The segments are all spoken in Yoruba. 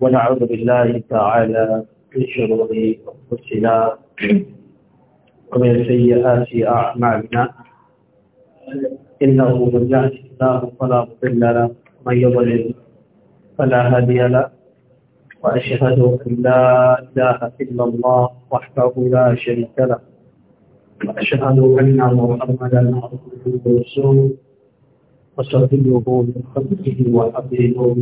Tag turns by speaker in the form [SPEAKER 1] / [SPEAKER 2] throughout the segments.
[SPEAKER 1] ونعوذ بالله تعالى من شرور أنفسنا ومن سيئات أعمالنا إنه من يهده الله فلا مضل له ومن يضلل فلا هادي له وأشهد أن لا إله إلا الله وحده لا شريك له وأشهد أن محمدا عبده ورسوله وصفيه من خلقه وحبيبه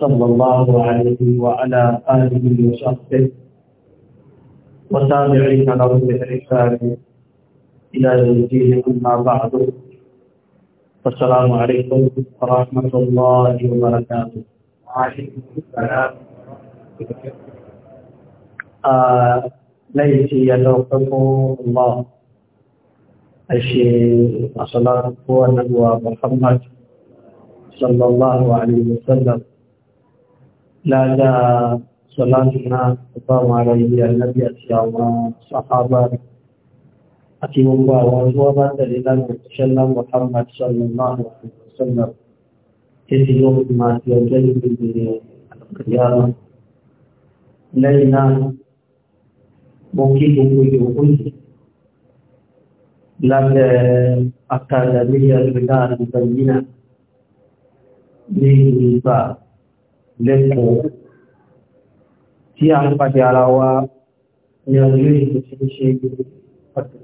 [SPEAKER 1] صلى الله عليه وعلى آله وصحبه وتابعين له بإحسان إلى يوم الدين أما بعد فالسلام عليكم ورحمة الله وبركاته وعليكم السلام ليتي يلوحكم الله أشي صلاة هو محمد صلى الله عليه وسلم lára sọlátìná ọgbàwọn ara ilé alábí àti àwọn sàhábà àti gbogbo àwọn tí wọ́n bá tẹ̀lé lánàá ṣẹlá Muhammad sallallahu alaihi wasallam títí yóò fi máa fi ọjọ́ níbi ìbèrè àkàyàrá lẹ́yìn náà mo kí gbogbo ìyókù yìí lábẹ́ akadàmíyà ìgbéga àti ìgbàyìí náà ní ìgbà lẹ́kọ̀ọ́ tí a ń pàdé ara wa ní ọdún ìlú tí ń ṣe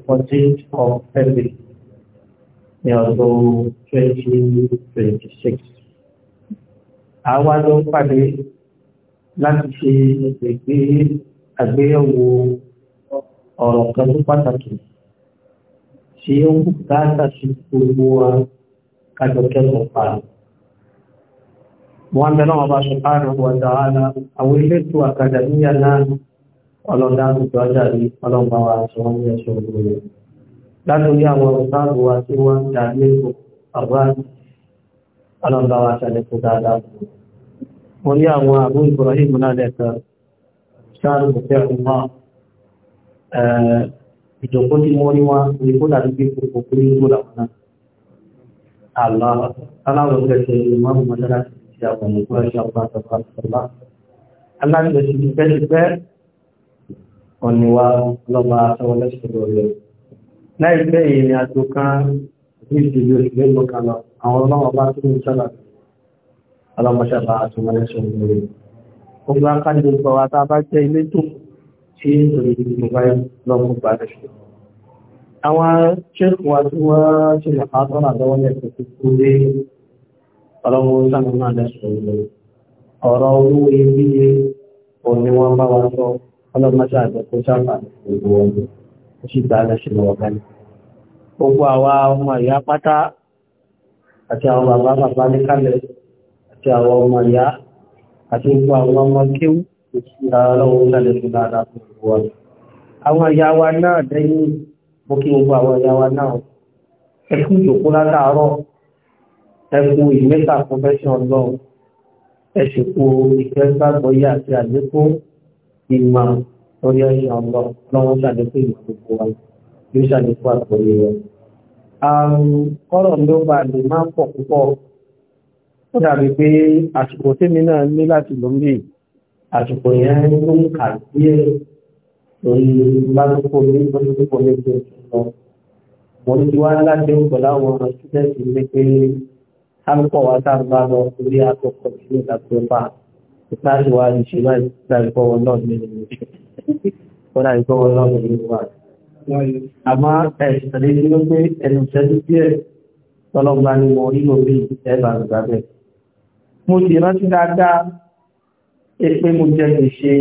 [SPEAKER 1] 14th of ní ọdún 2026. Àwa ló ń pàdé láti ṣe ìgbé àgbéyẹ̀wò ọ̀rọ̀ kan tó pàtàkì tí ó ń bùkátà sí gbogbo wa kájọ kẹ́kọ̀ọ́ pàdé wanda náà bá subhanahu wa ta'ala àwọn elétò àkàdàmíyà náà ọlọ́dáàbò tó ajáde ọlọ́mọ wa tí wọ́n yẹ sọ̀rọ̀ rẹ̀ látòrí àwọn ọ̀sáàbò wa tí wọ́n ń dà lẹ́kọ̀ọ́ àbúrò wa ṣàlẹ́kọ̀ọ́ Ibrahim náà lẹ́kọ̀ọ́ sáàrù kò fẹ́ fún wa ìjọ̀kọ́ tí mo ní wa ní kó dàbí pé kò kò ìjàpọ̀ nìkú ẹ̀ṣọ́ pàtàkì àtàlá alágbèsè tipẹ́tipẹ́ ọ̀nìwà lọ́ba àtàwọn ẹ̀ṣọ́ lọ́lẹ̀ láìpẹ́ yìí ni àjò kan ní ìdílé oṣù mélòó kan lọ àwọn ọlọ́wọ́ bá tún ń sọ́lá ọlọ́mọṣàbà àtàwọn ẹ̀ṣọ́ lọ́lẹ̀ gbogbo akájọ gbọ́ wa tá a bá jẹ́ ilé tó tí nítorí ìdílé wáyé lọ́gbọ̀n gbà lẹ́ṣọ́ àwọn ṣẹ́kù wa tí wọ́n ṣe lọ́pàá tọ́nà lọ́wọ́ ọlọ́wọ́ sánà náà lẹ́sùn òun ọ̀rọ̀ olówó iyebíye òun ni wọ́n bá wa sọ ọlọ́mọṣẹ́ àgbẹ̀ kó sábà gbogbo wọn ó sì gbà lẹ́sìn lọ́wọ́ bẹ́ẹ̀. gbogbo àwa ọmọ ìyá pátá àti àwọn bàbá bàbá ní kálẹ̀ àti àwọn ọmọ ìyá àti gbogbo àwọn ọmọ kéwù ọlọ́wọ́ sánà lẹ́sùn dáadáa gbogbo wọn. àwọn ìyá wa náà dẹ́yìn mo kí gbogbo àwọn ìyá ẹkú ìmẹ́ta confession lọ́wọ́ ẹ̀ṣùkú ìfẹ́sàgbọ́yé àti àlékún ìmọ̀ lórí ẹ̀ṣẹ̀ ọ̀lọ́ lọ́wọ́ ṣàlékún ìmọ̀ gbogbo wa yóò ṣàlékún àgbọ́yé rẹ̀. kọ́rọ̀ ló bá lè máa pọ̀ púpọ̀ ó dàbí pé àsìkò tèmi náà ní láti ló ń bì àsìkò yẹn ló ń kà díẹ̀ lórí lásìkò ní lórí lọ. mo ní wá láti ń pẹ̀lú àwọn students kálukọ̀ wa tá a bá lọ orí àkọ́kọ́ sí ìdàpọ̀ bá ìtàrí wa ní ṣe láì dárúkọ wọn náà ní ìlú wọn dárúkọ wọn náà ní ìlú wa. àmọ́ ẹ̀sìn ní ló pé ẹnu ìṣẹ́jú díẹ̀ tọ́lọ́gba ni mo rí lórí ẹ̀bà àgbà bẹ́ẹ̀. mo sì rántí dáadáa pé mo jẹ́ kí ṣe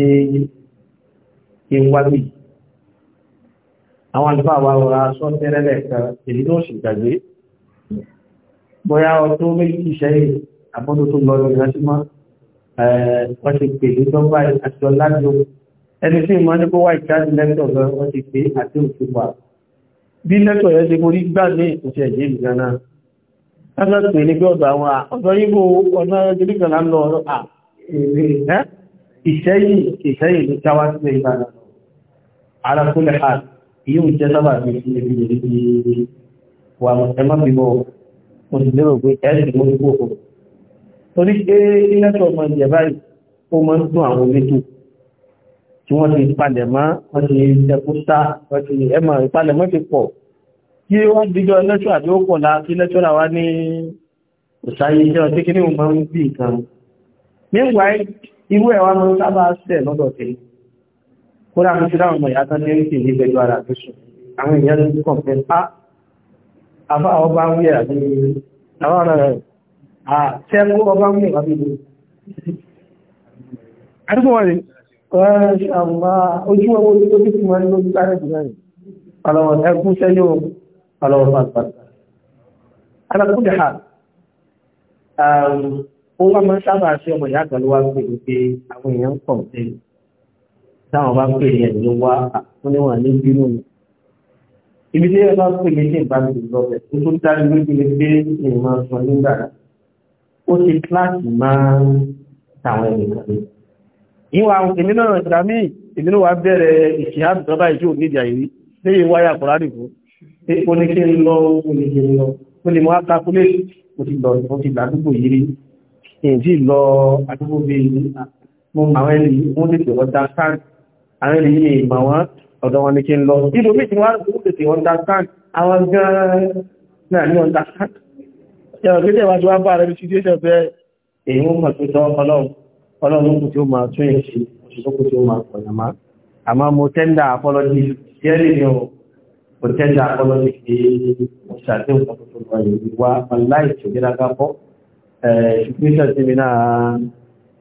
[SPEAKER 1] ìwádìí àwọn àlùfáà wa rọra sọ́ọ́tẹ́rẹ́lẹ̀ kan èyí ló sì gbàgbé bóyá ọdún méjì sẹ́yìn àbọ́dún tó lọ ìrìnàjúmọ́ wọ́n ti pè ní dọ́gba àti ọ̀làjò ẹni tí ìmọ̀ ní kó wá ìjáde lẹ́tọ̀ lọ wọ́n ti pè àti òṣùpá bí lẹ́tọ̀ yẹn ti borí gbà ní ìṣẹ̀ yìí nìkan náà lọ́sọ̀ pè ní gbọ́dọ̀ àwọn ọ̀dọ́ yíbo ọ̀nà ìdílé kan lọ ọ̀rọ̀ à ìṣẹ́yìn ìṣẹ́yìn ló jáwá sí ìgbà náà alákólẹ̀ hà yóò jẹ́ sábà bí ìṣẹ́yìn ìṣẹ́yìn wà ẹmọ́ bíbọ̀ mo sì lérò pé ẹ̀sìn mo gbó o torí pé ilẹ̀tọ̀ ọmọ ìjẹ̀ báyìí ó máa ń dún àwọn olétò tí wọ́n ti palẹ̀ mọ́ wọ́n ti tẹkúta wọ́n ti ẹ̀mọ̀ ìpalẹ̀ mọ́ ti pọ̀ kí wọ́n díjọ lẹ́tọ̀ àti ó pọ̀ la kí lẹ́tọ̀ là wá ní òṣàyè jẹ́ ọtí kí ní òun máa ń bí nǹkan nígbà irú ẹ̀ wá máa ń sábà sẹ̀ lọ́dọ̀ tẹ̀lé kódà mo ti dáhùn ọmọ ìyá tán ní àbá ọba ń wíyà ní àwọn ọ̀nà rẹ̀ àtẹ́mú ọba ń wíyà bí i àdúgbò wọn rẹ̀ ọ̀ṣàmà ojú ọmọ ojú tó fi wọn lórí sáré jù náà ọlọ́wọ̀n ẹkú sẹ́yọ́ ọlọ́wọ̀n pàtàkì alákùnjẹ́ ha ó wá máa ń sábà sí ọmọ ìyá kan ló wá pè ní àwọn èèyàn pọ̀ sí táwọn bá pè ní ẹ̀ ló wá àtúnníwọ̀n ní bínú ni ibi tí ẹ bá pè mí sí ìbámu ìlọ́bẹ̀ ó tún lójú ni pé ìmọ̀ sọ nígbà ó ṣe kíláàsì máa ń tàwọn ẹnìkan ní. ìwà èmi náà ìgbà míì èmi náà wàá bẹ̀rẹ̀ ìṣìhàbù tọ́ba ìṣó nídìí àyírí léyìn wáyà kọ̀rádì fún pé ó ní kí n lọ ó ní kí n lọ ó lè mọ àkàkúlé mo ti lọ mo ti gbà àdúgbò yìí rí ti lọ àdúgbò bíi àwọn ẹni mo ti understand àwọn gan-an náà ní understand ẹ̀rọ pé tẹ́wàá tí wá bá rẹ̀ situation bẹ́ẹ̀ èyí ó mọ̀ tó tọ́ ọlọ́run ọlọ́run kò tí ó máa tún èsì òṣìṣọ́kò tí ó máa pọ̀ yàmá àmá mo tẹ́ndà apology jẹ́rì ni ó mo tẹ́ndà apology pé mo ṣàdé òkú tó lọ èyí wá online tó yẹra gábọ́ ṣùgbọ́n tí mi náà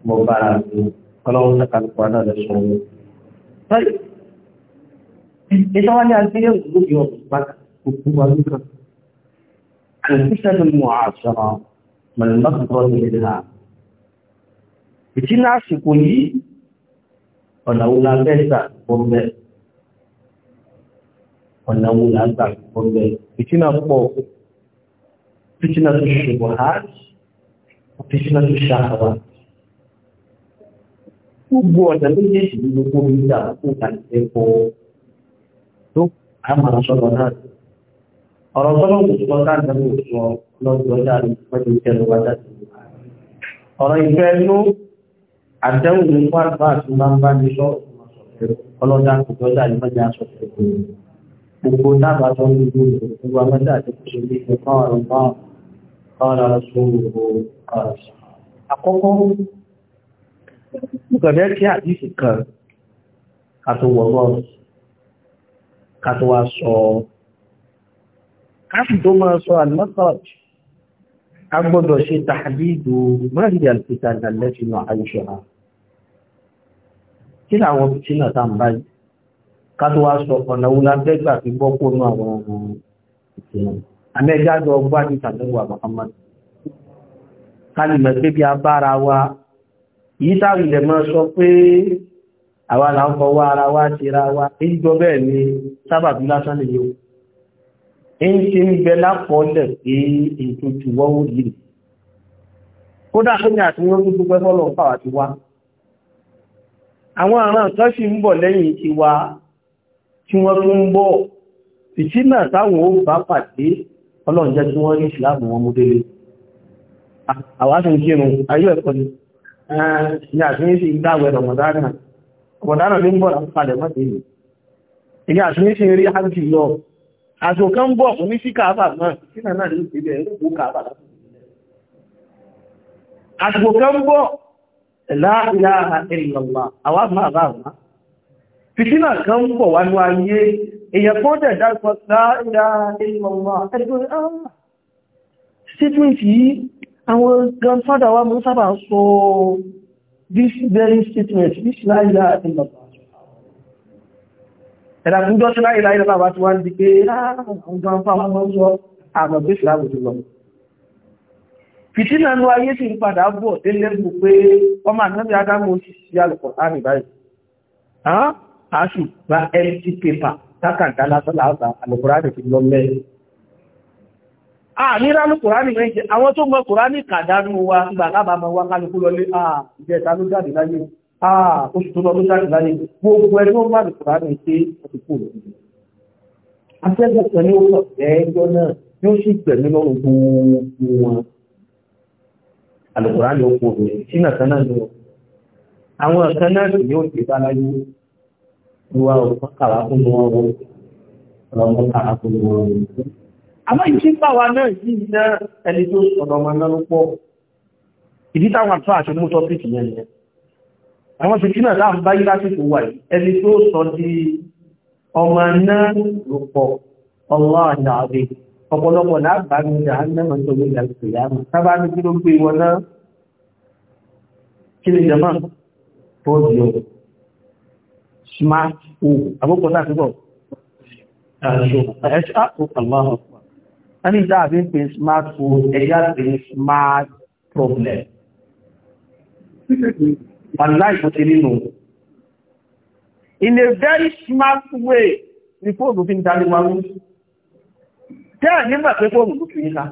[SPEAKER 1] mo bára ọlọ́run sàkàlùkù adájọ́ sọ̀rọ̀ لتوالي الفيديو يقول يوضع بك وقوة الفتة المعاشرة من المقدرة منها ìtí náà ṣìkò yìí ọ̀nà wùlá bẹ́ẹ̀ta gbọ́gbẹ́ ọ̀nà wùlá gbà gbọ́gbẹ́ ìtí náà pọ̀ ìtí náà tó ṣùgbọ́ hajj ìtí náà tó ṣàkàwà gbogbo ọ̀nà méjèèjì ní gbogbo ìgbà ó kà ní ẹ̀kọ́ tó àmàrà sọ̀rọ̀ náà ọ̀rọ̀ tọ́lọ̀ kò sọ káàkiri òṣùwọ̀ lọ́dún ọjà rẹ̀ pẹ̀lú ìtẹ̀lẹ̀ wájà sí ọ̀rọ̀ ìfẹ́ ló àtẹ́wò ní fún àgbà àti máa ń bá ní sọ ọlọ́dà kò tọ́jà ní mẹ́jà sọ gbogbo dábàá tó ń gbogbo gbogbo amẹ́jà àti kò sí ní ìfẹ́ قال رسوله قال àkọ́kọ́ mo kàn fẹ́ kí àdìsí kan àtòwọ̀lọ́rùn kàtó wa sọ káàkì tó máa sọ al-makhraj a gbọ́dọ̀ ṣe tàbídò mẹ́rìnlẹ̀ alfitana lẹ́fìnà àìṣọ́ra kí làwọn fìtínà tá ń báyìí kàtó wa sọ ọ̀nà wúlá dẹ́gbà fi bọ́ kó nú àwọn ìfìnà amẹ́jájọ Muhammad kálìmọ̀ pé bí a bára wa yìí àwa là ń fọwọ́ ara wa ra wa ìjọ bẹ́ẹ̀ ni sábàbí lásán lè yóò ń ṣe ń bẹ lápọ̀ọ́lẹ̀ pé ètò ìtùwọ́ ó yìí kódà tó ní àti wọ́n tó dúpẹ́ fọ́lọ̀ pàwà ti wá àwọn àrán kan sì ń bọ̀ lẹ́yìn ti wá tí wọ́n tún ń bọ̀ fìtínà táwọn ó bá pàdé ọlọ́run tí wọ́n rí ìsìláàmù wọn mú délé àwásùn kírun ayé ẹ̀kọ́ ni ní àtúnyẹ́sì ìdáwẹ̀ rọ̀mọ̀dánà ọ̀dánà ló ń bọ̀ láti padẹ̀ mọ́tẹ̀ yìí ìgbà àti ní ṣe rí ájì lọ àti òkan ń bọ̀ fún ní sí kàáfà náà sí náà náà ló ti bẹ̀rẹ̀ ló kó kàáfà láti àti òkan ah. àwọn àmà àbá wá mú sábà sọ this very statement, this láìlá ìlọ́pàá. Ẹ̀dà fún jọ́ sí láìlá ìlọ́pàá ti wá ń di pé ọjọ́ ah, fáwọn ọmọ ọjọ́ àmọ̀gbé ìsìláàmù ti lọ. Fìtínà ní ayé sì ń padà bọ̀ délẹ́gbù pé ọmọ ànábì Ádámù sì sí alùpọ̀ láàrin báyìí. A sì gba empty paper tákàndá lásán láàbà àlùkùrá àmìránú kùránì méje àwọn tó mọ̀ kùránì kàdánú wa ìgbà lábà mọ̀ wá kálukú lọlé àjẹta ló jáde láyé oṣù tó lọ ló jáde láyé gbogbo ẹni ó bá lè kùránì ṣe òkùnkù rẹ̀ afẹ́gbẹ̀ kan ó sọ ẹjọ́ náà ni ó sì gbẹ̀mí lọ́rùn gbogbo wọn alùkùránì ó kúrò sínú kan náà ni àwọn kan náà sì ni ó ti bá láyé ìwà òkú kàwá fún wọn wọn ọmọ kàwá fún wọn wọn àmọ́ ìṣẹ́ pàwà náà yìí iná ẹni tó ọ̀dọ̀ ọmọ náà pọ̀ ìdí táwọn àtúrà àti mú tọ́pìtì yẹn ni àwọn ṣìkí náà láàrín báyí lásìkò wà ẹni tó sọ di ọmọ náà ló pọ̀ ọlọ́ àdáàbí ọ̀pọ̀lọpọ̀ láàbàmí ìdáhánnáà tó gbé ìdàgbé yàmù sábà ní kí ló gbé wọn náà smart home àbúkọ láti bọ̀ ẹ̀ṣọ́ àpò àlọ́hàn a ní ìdá àfi ń pè smartphone ẹ̀yà pè smart problem wọ́n life tó ti nínú in a very smart way before there ni fóònù fi ń darí wa rú tẹ́ nígbà pé fóònù tó fi ń ká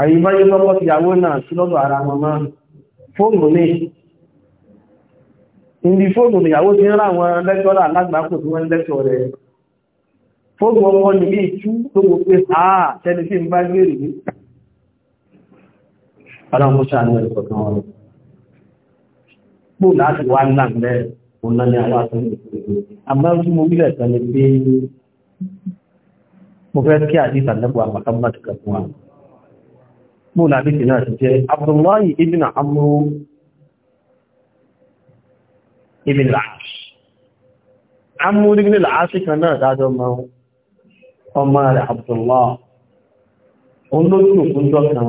[SPEAKER 1] àyíbáyé lọ́wọ́ ti yàwó náà sí In the phone máa fóònù ní ìdí fóònù ìyàwó ti ń ra àwọn lẹ́tọ́rà lágbàákò tí wọ́n lẹ́tọ̀ rẹ̀ fóògùn ọmọ nìbí ìtú tó wò pé àà tẹ́lẹ̀ sí ń bá gbé rí ní aláwọ̀mọ́sá ní ẹ̀kọ́ kan wọ́n pò láti wá náà lẹ́ ọ̀nà ní àwọn àtúnṣe àmọ́ tí mo wílẹ̀ tẹ́lẹ̀ pé mo fẹ́ kí àdíta lẹ́bọ̀ àmàkàmàtì kẹfún wa pò láti ti náà ti jẹ́ Abdullahi kan náà dájọ́ máa ọmọ rẹ̀ Abdullah olóòtú òkúnjọ́ kan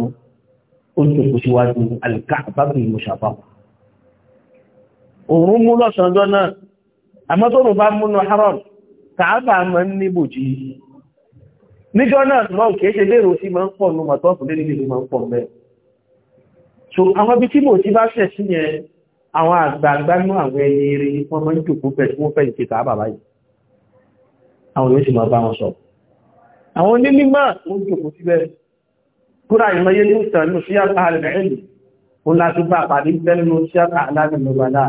[SPEAKER 1] ó ti kò síwájú alìkáàbábì ìmọ̀ṣàpá òun mú lọ́sànjọ́ náà àmọ́ tó bá múnú haram kàábà mọ́ níbò jí níjọ́ náà mọ́ kìí ṣe lérò sí máa ń pọ̀ nù mọ̀tọ́fù lé àwọn ibi ti máa bá wọn sọ̀rọ̀ àwọn onímọ̀ wọ́n jòkó síbẹ̀ kúrò àìmọye ní ìtàn ní síyàtà rẹ̀ ẹ̀lì ó láti bá pàdé bẹ́nu síyàtà aláàrin lọ́gbàdá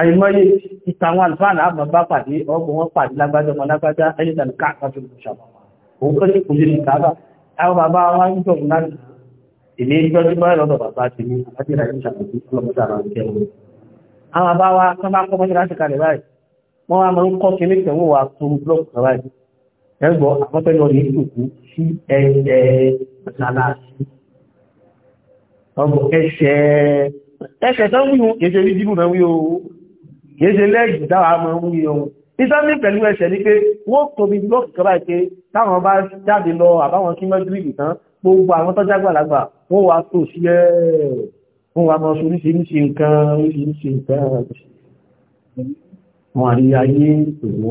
[SPEAKER 1] àìmọye ìtàwọn alfáàlà àmà bá pàdé ọgbọ̀n wọn pàdé lágbájá ọmọ lágbájá ẹni tàbí káàkiri ìṣàmọ̀ òun kọ́ sí kò lè káàbà àwọn bàbá wa ń jọ náà èmi ń gbọ́jú bá lọ́dọ̀ bàbá ti ní àti ìrìn ìṣàkóso ọlọ́mọdé àwọn akẹ́wọ̀n àwọn bàbá wa ẹgbọ́ àkọ́tẹ́lọ ní ìtòkú sí ẹ̀ṣẹ̀ mọ́sálásí ọgbọ̀ ẹ̀ṣẹ̀ ẹ̀ṣẹ̀ tán wíwú kéṣe rí dínú náà wíwú kéṣe lẹ́gbì dáwà mọ́ wíwú ìsámi pẹ̀lú ẹ̀ṣẹ̀ ní pé wọ́n tóbi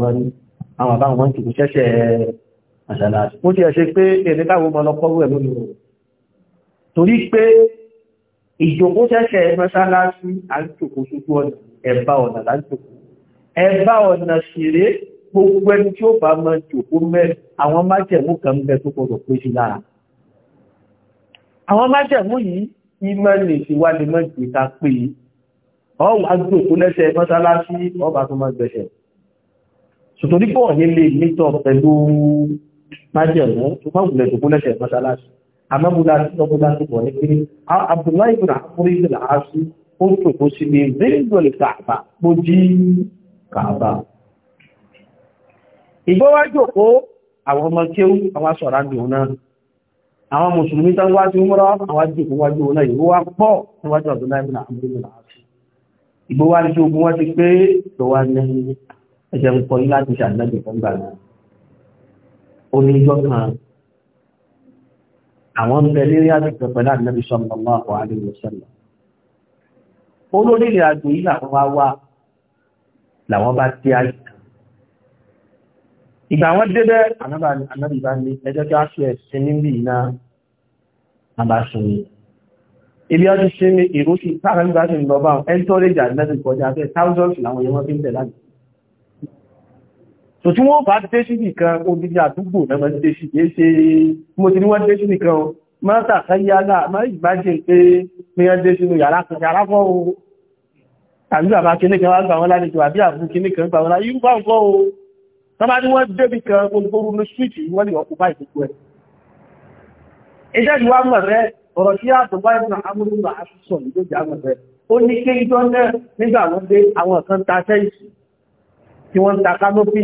[SPEAKER 1] lọ́kì àwọn àbáwọn wọn kìí ṣẹ́ṣẹ́ àṣàlàṣì ó ti ẹ̀ṣẹ́ pé ẹni káwọn ọmọ ọlọ́pọ̀ rẹ̀ lónìí rẹ̀ torí pé ìjòkó ṣẹ́ṣẹ́ mọ́ṣáláṣí àjòkó ṣojú ọ̀nà ẹ̀bá ọ̀nà lájòkó ẹ̀bá ọ̀nà ṣeré gbogbo ẹni tí ó bá mọ jòkó mẹ́ àwọn májẹ̀mú kan bẹ tó gbọdọ̀ pé sí lára àwọn sòtòrí pọ̀ nílé mítọ̀ pẹ̀lú májẹ̀mú tó máa wùlẹ̀ tó kúnlẹ̀ṣẹ̀ mọ́ṣáláṣì amábúlá lọ́búlá tó pọ̀ ní pé abdullahi ibn àkúrí ibn àásù ó tò kó sí ní ríndọ̀lì kàbà tó jí kàbà ìgbọ́wájò kó àwọn ọmọ kéwú àwọn sọ̀rọ̀ àdùn náà àwọn mùsùlùmí tán wá sí múra àwọn àjòkó wájú ọ̀nà ìwó wá pọ̀ níwájú àdúláìbìnà àmúrínà àti ìgbówá ní tí ogun wá ti pé lọ́wọ́ ní ẹ̀jẹ̀ ń kọ́ yín láti ṣàdínájì fún gbà náà ó ní ijọ́ kan àwọn ń bẹ lérí àdìgbò pẹ̀lú àdínábì sallallahu alaihi wasallam olórí ìrìn àjò yìí làwọn wá wá làwọn bá dé àyè ìgbà wọn débẹ̀ ànábì bá ní ẹjọ́ kí á ṣe ẹ̀sìn níbi iná àbáṣọyìn ibi ọdún ṣe ní táwọn ìgbà ṣe ń lọ bá ẹni tó rí ìjà àdínábì kọjá fẹ́ thousands làwọn yẹn wọ́n fi ń bẹ̀ láti so tí wọ́n bá tẹ́ sí nìkan odidi àdúgbò náà máa tẹ́ sí yé ṣe mo ti ní wọ́n tẹ́ sí nìkan o máa tàkà yálà máa ìbájẹ̀ pé mìíràn tẹ́ sínú yàrá kan yàrá fọ́ o àbí bàbá kíní kan wá gbà wọ́n lálejò àbí àbú kíní kan gbà wọ́n lálejò irú bá ń fọ́ o wọ́n bá ní wọ́n débì kan olùkóru ní swíìtì wọ́n lè ọkùnfà ìgbogbo ẹ̀ iṣẹ́ ìwà mọ̀ rẹ ọ̀rọ̀ tí àtọ̀gbá ìbùnà amúlùmọ̀ aṣọ ìjọba àmọ̀ rẹ ó ní kí ìjọ náà nígbà wọn dé àwọn kan ta sẹ́yìn tí wọ́n ń ta kánópì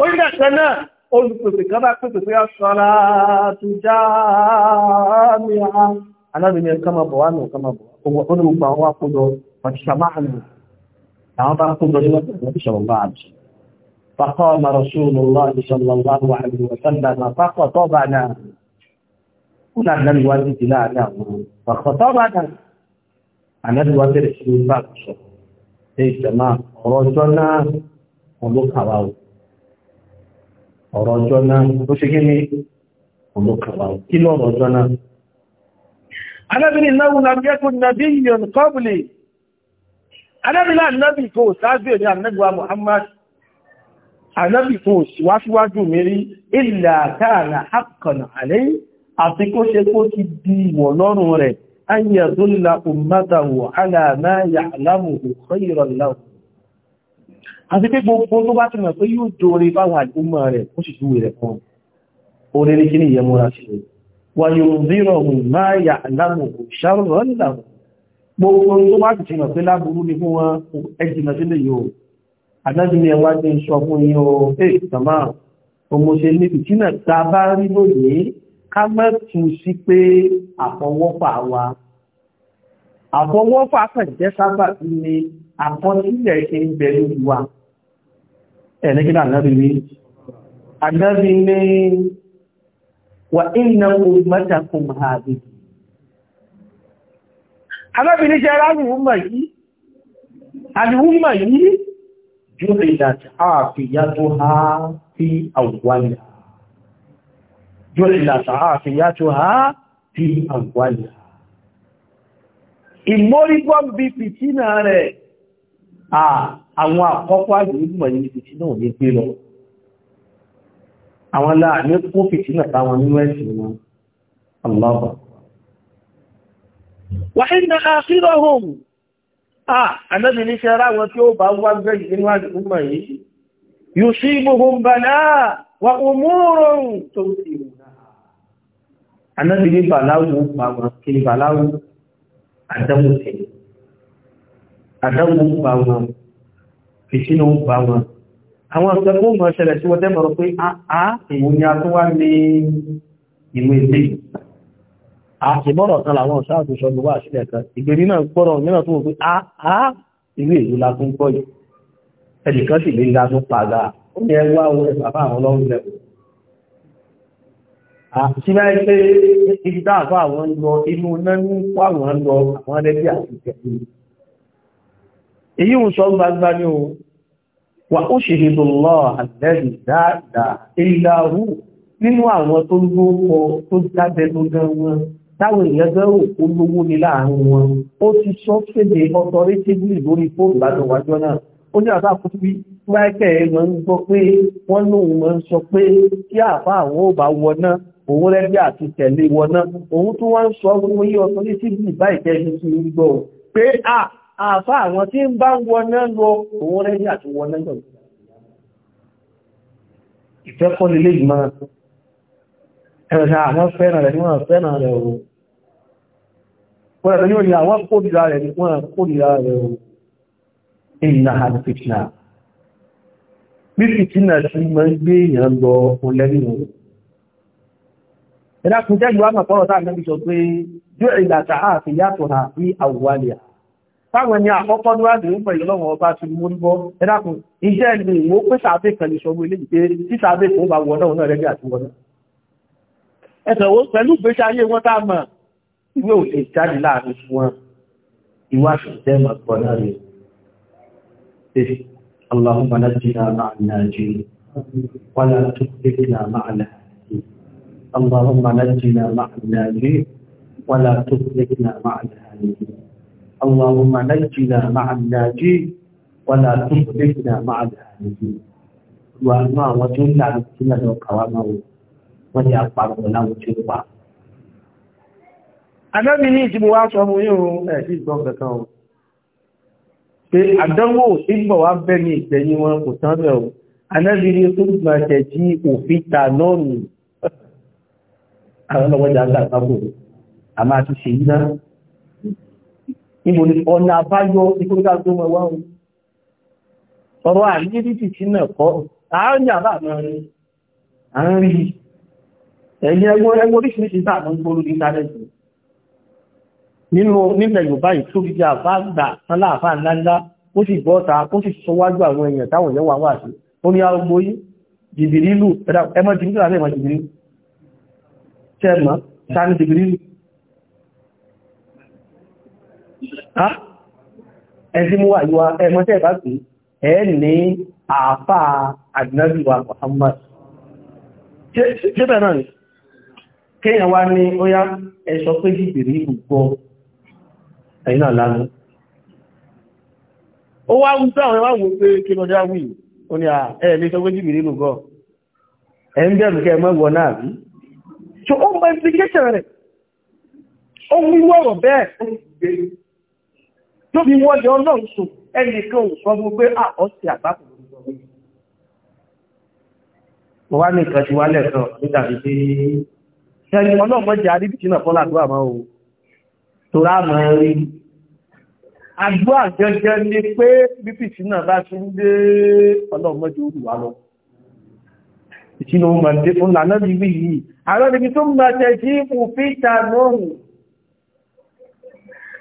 [SPEAKER 1] orílẹ̀ kan náà olùpèpè kan bá pèpè pé ọ̀ṣọ́ra tó já mi ha alábìnrin kan máa bọ̀ wá náà kan máa bọ̀ owó ó ní gbogbo àwọn akójọ ọ̀ṣàmá àmì àwọn bá kójọ ní wọ́n ti sọ̀rọ̀ bá àbí فقام رسول الله صلى الله عليه وسلم فخطبنا ọ̀rọ̀ ọjọ́ náà ló ṣe kí ní olókàwà kí lọ́rọ̀ ọjọ́ náà alábìnrin náà lábẹ́kù nàbí yìnyìn kọ́bùlì alábìnrin ànábì kò sáájú èrè ànábìwà Muhammad ànábì kò síwáṣíwájú mérí ilẹ̀ àkáàrà àkànà àlẹ́ àti kó ummatahu ala ma ya'lamuhu khayran lahu àti pé gbogbo tó bá túnmọ̀ pé yóò dóore báwọn àdúmọ̀ rẹ̀ ó sì túwé rẹ̀ fún orílẹ̀ kí ní ìyẹmúra sí rẹ̀ wà yóò zírọ̀ hùn máa yà lámù ṣàrùrọ̀ nílàmù gbogbo tó bá ti mọ̀ pé láburú ni fún wọn ẹjìnà sílẹ̀ yóò adájú ni ẹwà ti ń sọ fún yín o pé ìtàmà òmòṣe ní ìtínà tá a bá rí àfọwọ́fà kànjẹ́ sábà ní àkọsílẹ̀ ṣe ń bẹ lórí wa ẹ̀nìkìdà náàbí rí àdábí ní wà ìnà ummatakum hàbí alábìnrin jẹ́ aláwùmọ̀ yìí aláwùmọ̀ yìí jù ìlàtí àfíyàtò ha fi àwọ̀wàlẹ̀ jù ìlàtí àfíyàtò ha fi àwọ̀wàlẹ̀ ìmórígbọ́n bí fìtínà rẹ̀ àwọn àkọ́kọ́ àjòjúmọ̀ ní fìtínà ò ní pé lọ àwọn láàrin kó fìtínà táwọn nínú ẹ̀sìn wọn aláwọ̀ wàhínà àfírọ̀hùn àdábìnrin ṣe ara wọn tí ó bá wá gbẹ̀yìn àdánwò tẹ̀lé àdánwò ń bá wọn fìtínà ń bá wọn àwọn akẹ́kọ̀ọ́ mọ̀ ṣẹlẹ̀ tí wọ́n tẹ́ mọ̀rọ̀ pé àá ah, ah, èwo a tó wá ní ìwé ilé àṣìbọ̀rọ̀ kan làwọn ṣáàtù sọ gbogbo àṣìlẹ̀ kan ìgbèrí náà gbọ́rọ̀ mìíràn tó wọ́n pé àá ah, ìwé ìlú la tún gbọ́ yìí ẹnìkan sì àtìlá ilé ìdá àfá àwọn lọ inú nánú pàwọn lọ àwọn ẹgbẹ́ àti ìjẹ̀kú èyí ń sọ gbangba ní o wà ó ṣe ìdùnlọ àlẹ́rì dáadáa ìlàrú nínú àwọn ó ní àbá kú bí wáìkẹ́ ẹ̀ máa ń gbọ́ pé wọ́n lóun máa ń sọ pé kí àbá àwọn ò bá wọ náà òun rẹ́bí àti tẹ̀lé wọn náà òun tó wá ń sọ ọmọ yí ọ̀tọ́ ní sí ìbá ìtẹ́jú sí gbọ́ pé àfá àwọn tí ń bá ń wọn náà lọ òun rẹ́bí àti wọn náà lọ ìfẹ́kọ́ nílé ìgbìmọ̀ ẹ̀rọ àwọn fẹ́ràn rẹ̀ wọ́n fẹ́ràn rẹ̀ o wọ́n rẹ̀ ní àwọn kórìíra rẹ̀ wọ́n kórìíra rẹ̀ ìdákun jẹ́ ìwà mọ̀kọ́rọ̀ táà nẹ́bí sọ pé jù ìlàtà àti yàtọ̀ ha ní àwòwálẹ̀ táwọn ni àkọ́kọ́ níwájú ń pẹ̀lú lọ́wọ́ ọba ti mú ní bọ́ ìdákun iṣẹ́ ìlú ìwó pé sàbẹ̀ kan lè sọgbó ilé ìpé tí sàbẹ̀ kò bá wọ náà rẹ̀ bí àti wọnà ẹsẹ̀ wo pẹ̀lú ìgbésí ayé wọn tá اللهم نجنا مع الناجين ولا تهلكنا مع الهالكين اللهم نجنا مع الناجين ولا تهلكنا مع الهالكين وما وجدنا على السنة وقوامه ولا أقبل ولا وجد بعض Àdábì ní ìtìmò wá sọ mú yíò ẹ̀sí ìgbọ́gbẹ̀kan ọ̀. Pé àdánwò ìgbọ̀ wá bẹ́ ní ìgbẹ̀yìn wọn kò tán bẹ̀ ọ̀ àwọn ọlọ́wọ́jà àgbàgbàgbò a máa ti ṣe yíná níbo ni ọ̀nà àbáyọ ìkóríkà tó mọ̀ wá ohun ọ̀rọ̀ àríyébìtì tí náà kọ́ àárín àbá àmọ́rin àárín ẹ̀yẹ ẹgbẹ́ oríṣiríṣi sáàmọ́ ń gbórú ìntánẹ́tì nínú nílẹ̀ Yorùbá ìtúrí jẹ́ àbá àgbà sánlá àbá ńláńlá ó sì bọ́ta ó sì sọwájú àwọn èèyàn táwọn èèyàn wà wà sí ó ní arúgbó yìí jìbìrìlù ẹmọ́ jìbìrìlù tẹ́mọ̀ sáni dìgírí ẹ̀sí mú wà yíwa ẹmọ́tẹ́ ìbá pé ẹ ní àfà àdínábíwà Muhammad ṣébẹ̀ náà kéèyàn wá ní ó yá ẹ̀ṣọ́ pé dìgírí gbọ́ ẹ̀yìn náà lánàá ó wá ń tàwọn ẹwà wò pé kí lọ jáwì ó ní à ẹ̀ẹ̀lẹ́sọ́gbẹ́jì mìírínù gọ́ ẹ̀ ń bẹ̀rù kẹ́ mọ́ ìwọ náà so ó mọ implication rẹ̀ ó mú wọ́rọ̀ bẹ́ẹ̀ tó fi wọ́n jẹ́ ọlọ́run sùn ẹnìkan ò sọ mú pé àọ́ ah, sí àgbákò mo wá ní nǹkan ti wá lẹ́ẹ̀kan nígbà tí pé ṣẹ́ni ọlọ́mọdé adébìtì náà fọ́lá àdúrà máa o tó ráàmà rí àdúrà jẹjẹ ni pé bíbìtì náà bá ti ń dé ọlọ́mọdé olùwà tí ló mọ̀ tí fún lànà bí bí yìí alọ́dìbí tó mọ̀ tẹ̀ sí ipò pítà lóhùn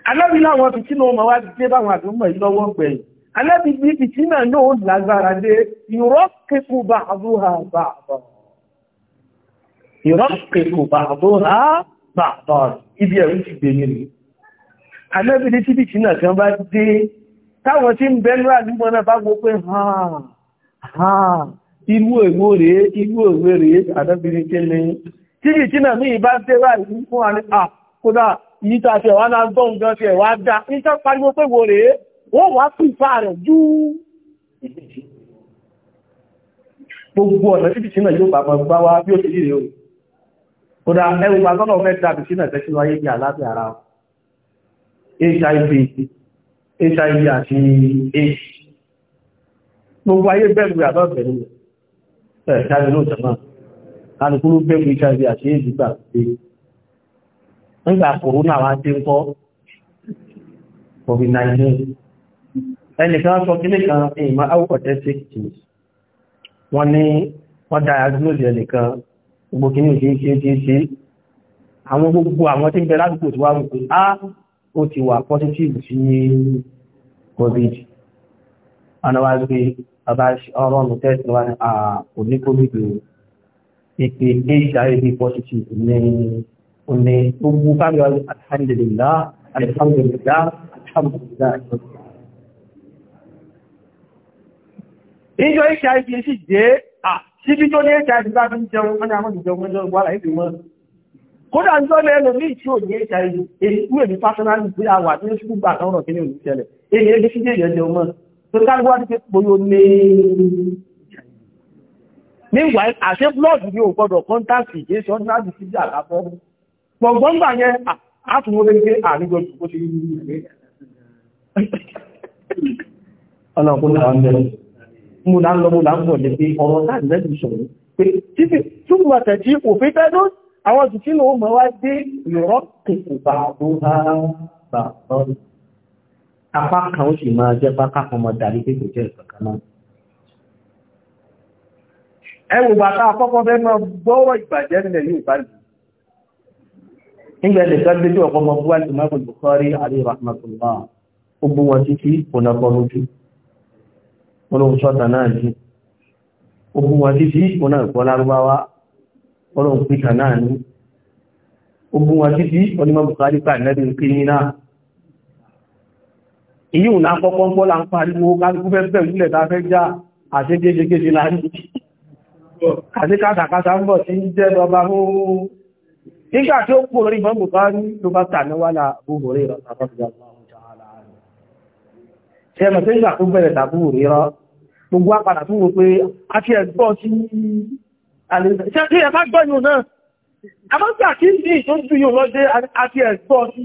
[SPEAKER 1] alọ́bí láwọn fi tí ló mọ̀ wá dé báwọn àdúmọ̀ yìí lọ́wọ́ pẹ̀yìn alọ́bí bí bí tí náà náà lágbára dé ìrọ́kẹ̀kù ba'duha ba'da ìrọ́kẹ̀kù ba'duha ba'da ibi ẹ̀rù ti gbé mi rí alọ́bí ní tíbi tí náà kan bá dé táwọn tí ń bẹ́lú àdúgbò náà bá gbọ́ pé hàn hàn irú èwo rèé irú èwe rèé àdábìnrin kí ni tí ìtínà ní ìbá tẹ́wà ìlú fún àrí àkódà yìí tà tẹ̀ wá náà gbọ́n gan tẹ̀ wá dá ní tán pariwo pé wo rèé wọ́n wá fún ìfà rẹ̀ jú gbogbo ọ̀nà tí ìtínà yóò bàbá bá wá bí ó ti rèé o kódà ẹwù pàtọ́nà fẹ́ dá ìtínà tẹ́ sínú ayé bí àlàáfíà ara hiv hiv àti aids gbogbo ayé bẹ́ẹ̀ ẹ̀ẹ̀dáre ló jẹ́ máa alùkúrú bẹ́gbù HIV àti èdè gbà pé nígbà kòrónà wá tí ń kọ́ COVID-19 ẹnìkan sọ kí nìkan ìmọ̀ àwòkọ̀tẹ́ sèkìtì wọ́n ní wọ́n dára glóòdì ẹnìkan gbogbo kí ní ìdíjíjíjí àwọn gbogbo àwọn tí ń bẹ lásìkò tí wá rú pé á ah, ó ti wà positive sí COVID-19 wọn bàbá ọ̀rọ̀ ọ̀nù tẹ́sí wa ìpè hiv positive ní òní gbogbo fáwọn ọ̀rọ̀ alhamdulillah alhamdulillah alhamdulillah. ìjọ hiv sì dé síbí tó ní hiv bá fi ń jẹun wọn ni àwọn ìjọ wọn jọ kódà ń lọ́lẹ̀ ẹlòmí tí ò ní hiv èyí kú èmi pásánálì pé a wà ní ṣùgbọ́n àtàwọn ọ̀rọ̀ kí ni èyí ẹgbẹ́ sí jẹ́ ìyẹn jẹun káríwájú pé pòyò ní meanwhile àṣẹ blood ní ò gbọdọ̀ kọ́ntàkì jésù láti sí jà lápọ́ gbọ̀ngbọ̀n gbà yẹn àtúnwó lè gbé àríjọ tó ṣe yìí rẹ̀ ọlọ́pùn náà ń bẹ̀rẹ̀ mú náà lọ mú náà ń bọ̀ lè pé ọ̀rọ̀ láti lẹ́bí sọ̀rọ̀ pé títí túnmọ̀ tẹ̀jí òfin tẹ́lú àwọn jùkínú mọ́ wá dé yọ̀rọ̀ kìkù bàbá bàbá apá kan ó sì máa jẹ́ pápá kan mọ́ dàrí pé kò jẹ́ ìkankan náà ẹwù bàtà àkọ́kọ́ fẹ́ máa gbọ́wọ́ ìbàjẹ́ nílẹ̀ yóò bá jù nígbẹ̀lẹ̀ gbẹ́gbẹ́jú ọ̀pọ̀mọ̀ bú àti mẹ́kùn Bukhari alayhi rahmatullah ó bú wọn títí ònàkọ́ lójú olóhun sọ́tà náà ní ó bú wọn títí ònàkọ́ lárúbáwá olóhun pítà náà ní ó bú wọn títí onímọ̀ Bukhari pàdánẹ́bí kí náà èyí ò náà kọ́kọ́ ń bọ́ la ń pariwo kálukú fẹ́ bẹ̀rù ilẹ̀ ta fẹ́ já àti kéjekejì láàrín àti kátàkátà ń bọ̀ tí ń jẹ́ lọba hóhó nígbà tí ó kú orí ìbọn bùkárí ló bá tà ní wàhálà gbogbo rẹ̀ ṣẹ́mọ̀ tí ìgbà tó bẹ̀rẹ̀ tàbúrò rírọ́ gbogbo apàdà tó wò pé a ti ẹ̀gbọ́ sí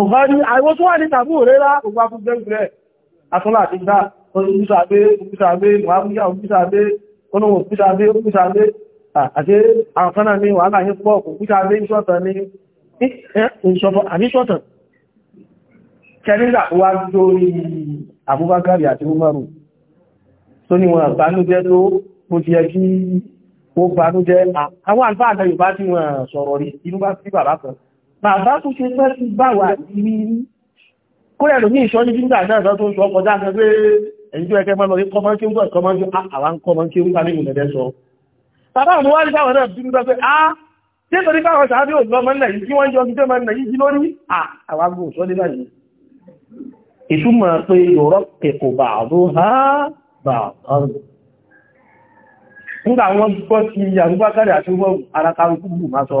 [SPEAKER 1] Bukhari, àìwọ́ tó wà ní tàbí òrérá ògbà fún jẹ́ Àtúnlá àti ìgbà, olùgbìsàgbé, olùgbìsàgbé, olùgbìsàgbé, olùgbìsàgbé, olùgbìsàgbé, àti àwọn kan náà ní wàhálà yìí pọ̀, olùgbìsàgbé ìṣọ́tàn ní ìṣọ́tàn, àbí ṣọ́tàn. Kẹrìnlá wá lórí Abubakar àti Umaru, tó ní wọn àbánújẹ́ tó bó ti yẹ kí ó gbanújẹ́ àwọn àlfáà àtàyò bá tí wọn sọ̀rọ̀ rí, inú bá sí bàbá kan bàbá tó ṣe fẹ́ ti bá wà ní kó rẹ̀ lómi ìṣọ́ní nígbà náà tó sọ ọkọ̀ dáa pé ẹ̀yìn tó ẹ̀kẹ́ mọ́ lọ kọ́mọ́ tí ó ń bọ̀ kọ́mọ́ tí àwọn kọ́mọ́ tí ó ń bá ní ìmọ̀lẹ́dẹ́ sọ bàbá àwọn wá ní báwọn náà bínú pé á tí torí báwọn sàábí ò lọ mọ́lẹ̀ yìí tí wọ́n jọ ọdún mọ́lẹ̀ yìí jí lórí àwọn agbó sọ nígbà yìí ìtumọ̀ pé yòrọ̀ kẹkọ̀ bà àdó ha bà ọrùn nígbà wọn gbọ́ ti yàrúgbákàrẹ̀ àti wọn ara kárùkù bù má sọ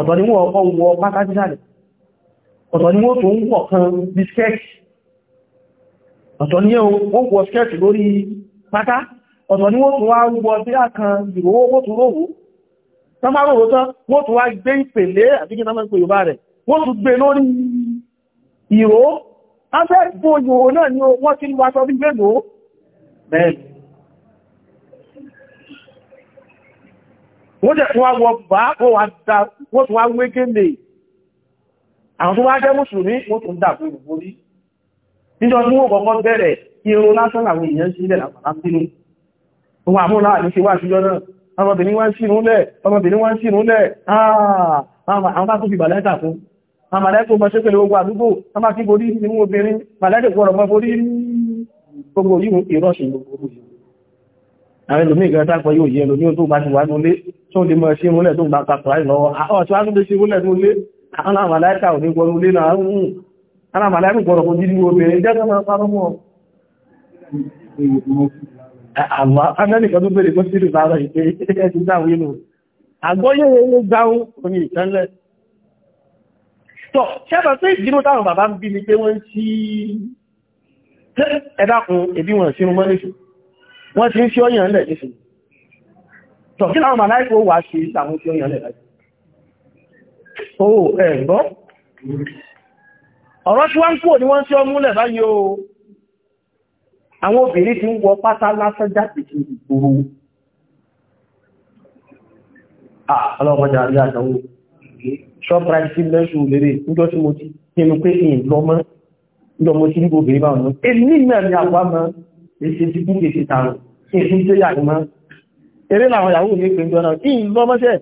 [SPEAKER 1] ọ̀tọ̀ ni wọ́n ọkọ̀ wọ pátá sísàlẹ̀ ọ̀tọ̀ ni wọ́n tó ń wọ̀ kan bí skẹ́ẹ̀tì ọ̀tọ̀ ni wọ́n wọ skẹ́ẹ̀tì lórí pátá ọ̀tọ̀ ni wọ́n tó wá wọ sí àkan ìrówó wọ́n tó rówó tán bá rówó tán wọ́n tó wá gbé ìpèlé àbíkí tán mẹ́rin pé yorùbá rẹ̀ wọ́n tó gbé lórí ìró afẹ́ ìgbó yòó náà ni wọ́n ti wá sọ bí gbé lòó bẹ́ẹ̀ wọ́n tẹ̀ tún wá wọ bá wọ́n tún wá wé kéde àwọn tó wá jẹ́ mùsùlùmí wọ́n tún dà fún ìgbórí níjọ tí wọ́n kọ́kọ́ bẹ̀rẹ̀ irun lásán àwọn èèyàn sílẹ̀ lápàtàkínú ohun àmúra àti wá síjọ́ náà ọmọbìnrin wá ń sínú lẹ̀ ọmọbìnrin wá ń sínú lẹ̀ ah, àwọn bá tó fi bàlẹ́ta fún àmàlẹ́kùn mọ́ ṣépẹ̀lẹ̀ ogun àdúgbò a máa fi borí nínú obìnrin màlẹ́kùn gbọ́rọ̀ mọ́ borí gbogbo yíò ìrọ́ṣìn gbogbo yìí àwọn ẹlòmí ìgbẹ́ta pọ̀ yóò yẹ ẹlòmí tó bá ti wà nílé tó lè mọ̀ ṣe múlẹ̀ tó ń gbàta pàáyì àwọn tí wá lè ṣe múlẹ̀ tó lé àwọn àmàláìkà ò ní gbọ́rún lé náà ń àwọn àmàláìkà gbọ́rọ̀ fún jírí obìnrin jẹ́ tó máa parọ́ mọ́ ah, àwọn amẹ́nìkan tó bèèrè fún sírì lára ìpé ẹ̀sì dáwé nù àgbọ́yé ló dáhùn omi ìtẹ́lẹ̀ tọ́ ṣẹ́bà tó ìdínú táwọn bàbá ń bí ni pé wọ́n ti ẹ̀dàkùn ẹbí wọn sínú mọ́lẹ́sù wọ́n ti ń fi ọyàn lẹ̀ nífẹ̀ẹ́ tọ̀kí láwọn màláìkò wà ṣe ìtàwọn tí ó yàn lẹ́gbẹ̀ẹ́ o ẹ̀gbọ́ ọ̀rọ̀ tí wọ́n ń kúrò ní wọ́n tí ó múlẹ̀ báyìí o àwọn obìnrin ti ń wọ pátá lásán jáde kí ìgboro ọlọ́pọ̀já rí àdánwò ṣọ́práì sí lẹ́ṣù lérè níjọ́ tí mo ti nínú pé èyí lọ́mọ́ níjọ́ mo ti nígbò obìnrin báwọn èmi náà ni àpá mọ́ èsì ti kú kèsì tààrùn èsì tó yà ní eré làwọn ìyàwó ní ìpín jọ náà ìyìn lọ mọ́ṣẹ́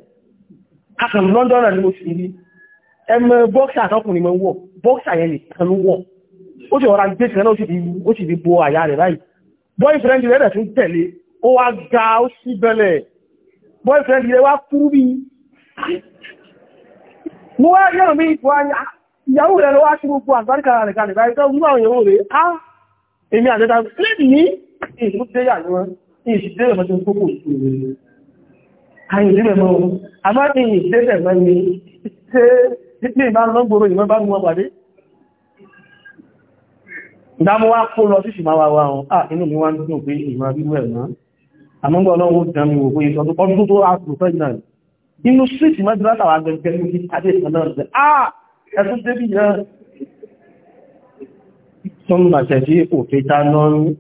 [SPEAKER 1] akàrù london ni mo sì rí ẹmọ bọ́ksà tọkùnrin mọ́ wọ̀ bọ́ksà yẹn nìkan ló wọ̀ ó sì ọ̀rá gbé kan náà ó sì fi bo àyà rẹ̀ báyìí boyfriend rẹ̀ tẹ̀lé ó wá ga ó ah, sí gbogbo ìṣìdẹ́rẹ̀ mọ́ tí ó kókò sí ìrìnlẹ̀ àìrìnlẹ̀ mọ́ a máa ní ìṣẹ́rẹ̀ mọ́ ni ṣe títí ìbá lọ́gbòrò ìmọ́ bá mú ọpàdé ìdámọ́wá kó lọ síṣì máa wà wà hàn ah inú mi wá ń dùn pé ìmọ̀ bíbú ẹ̀ náà àmọ́gbọ́n náà ó dán mi wò pé ọdún tó ààtò fẹ́ náà inú síìtì mọ́júlátàwà gẹ̀gẹ̀ ní adé ìsànlẹ̀ ah ẹ̀sùn débì ثم تجيء فتن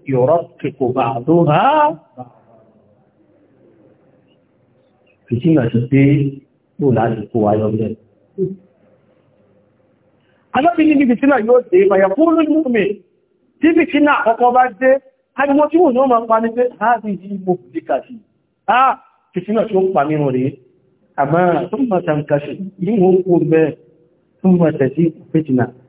[SPEAKER 1] يرقق بعضها فتنة الدين ولا تقوى يوم Alábi níbi fìtínà yóò dé ìbàyà fún olóòmí tí fìtínà àkọ́kọ́ bá dé, ariwo tí wọ́n máa ń pa ní pé a rí yí mo fi díkà sí. A fìtínà tí ó pa nínú rí, àmà tó mọ̀ tàǹkà sí, yíò kó bẹ́ẹ̀ tó mọ̀ tẹ̀ sí fìtínà.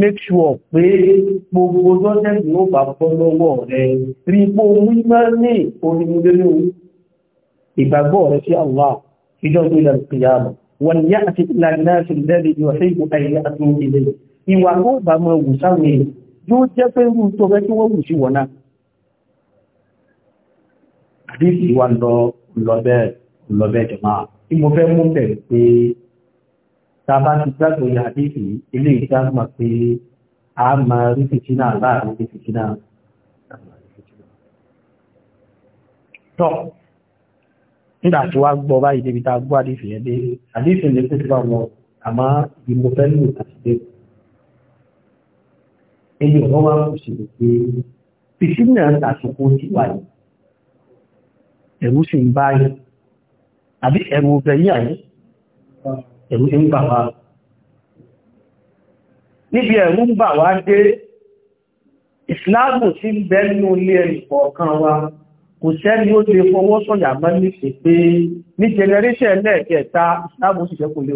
[SPEAKER 1] make sure pé gbogbo lọ́jẹ́sì ó bá bọ́ lọ́wọ́ rẹ̀ rí pó mímọ́ ní orílẹ̀-èdè ìgbàgbọ́ rẹ̀ sí Allah ìjọ́ tó ilẹ̀ ìpìyàmù wọ́n yá àti ìlànà sí lẹ́rẹ̀ yóò ṣe ìgbò ayẹyẹ àti ilẹ̀ ìwà tó bá mọ̀ wù sáwọn ìmọ̀fẹ́ mú bẹ̀rẹ̀ pé tàbá ti gbàgbọ́ yà débi ilé ìjà mọ̀ pé a máa rí fìtínà láàrin rí fìtínà. tọ́ nígbà tí wàá gbọ́ báyìí débi tá a gbọ́ àdéfì yẹn dé àdéfì lè tó ti bá wọn àmọ́ ìmọ̀ fẹ́ lò àti dé. èyí ọ̀rọ̀ wa kò sì lè pé fìtínà àsìkò ti wà yìí ẹ̀rù sì ń báyìí àbí ẹ̀rù ọ̀gbẹ̀yìn àyè ẹ̀rù ń bà wá níbi ẹ̀rù ń bà wá dé ìsìláàmù tí ń bẹ nínú ilé ẹ̀rùpọ̀ kan wa kò sẹ́ni ó lè fọwọ́ sọ̀yà mọ́ ní ṣe pé ní jẹnẹrẹ́ṣẹ̀ lẹ́ẹ̀kẹta ìsìláàmù sì fẹ́ kò lè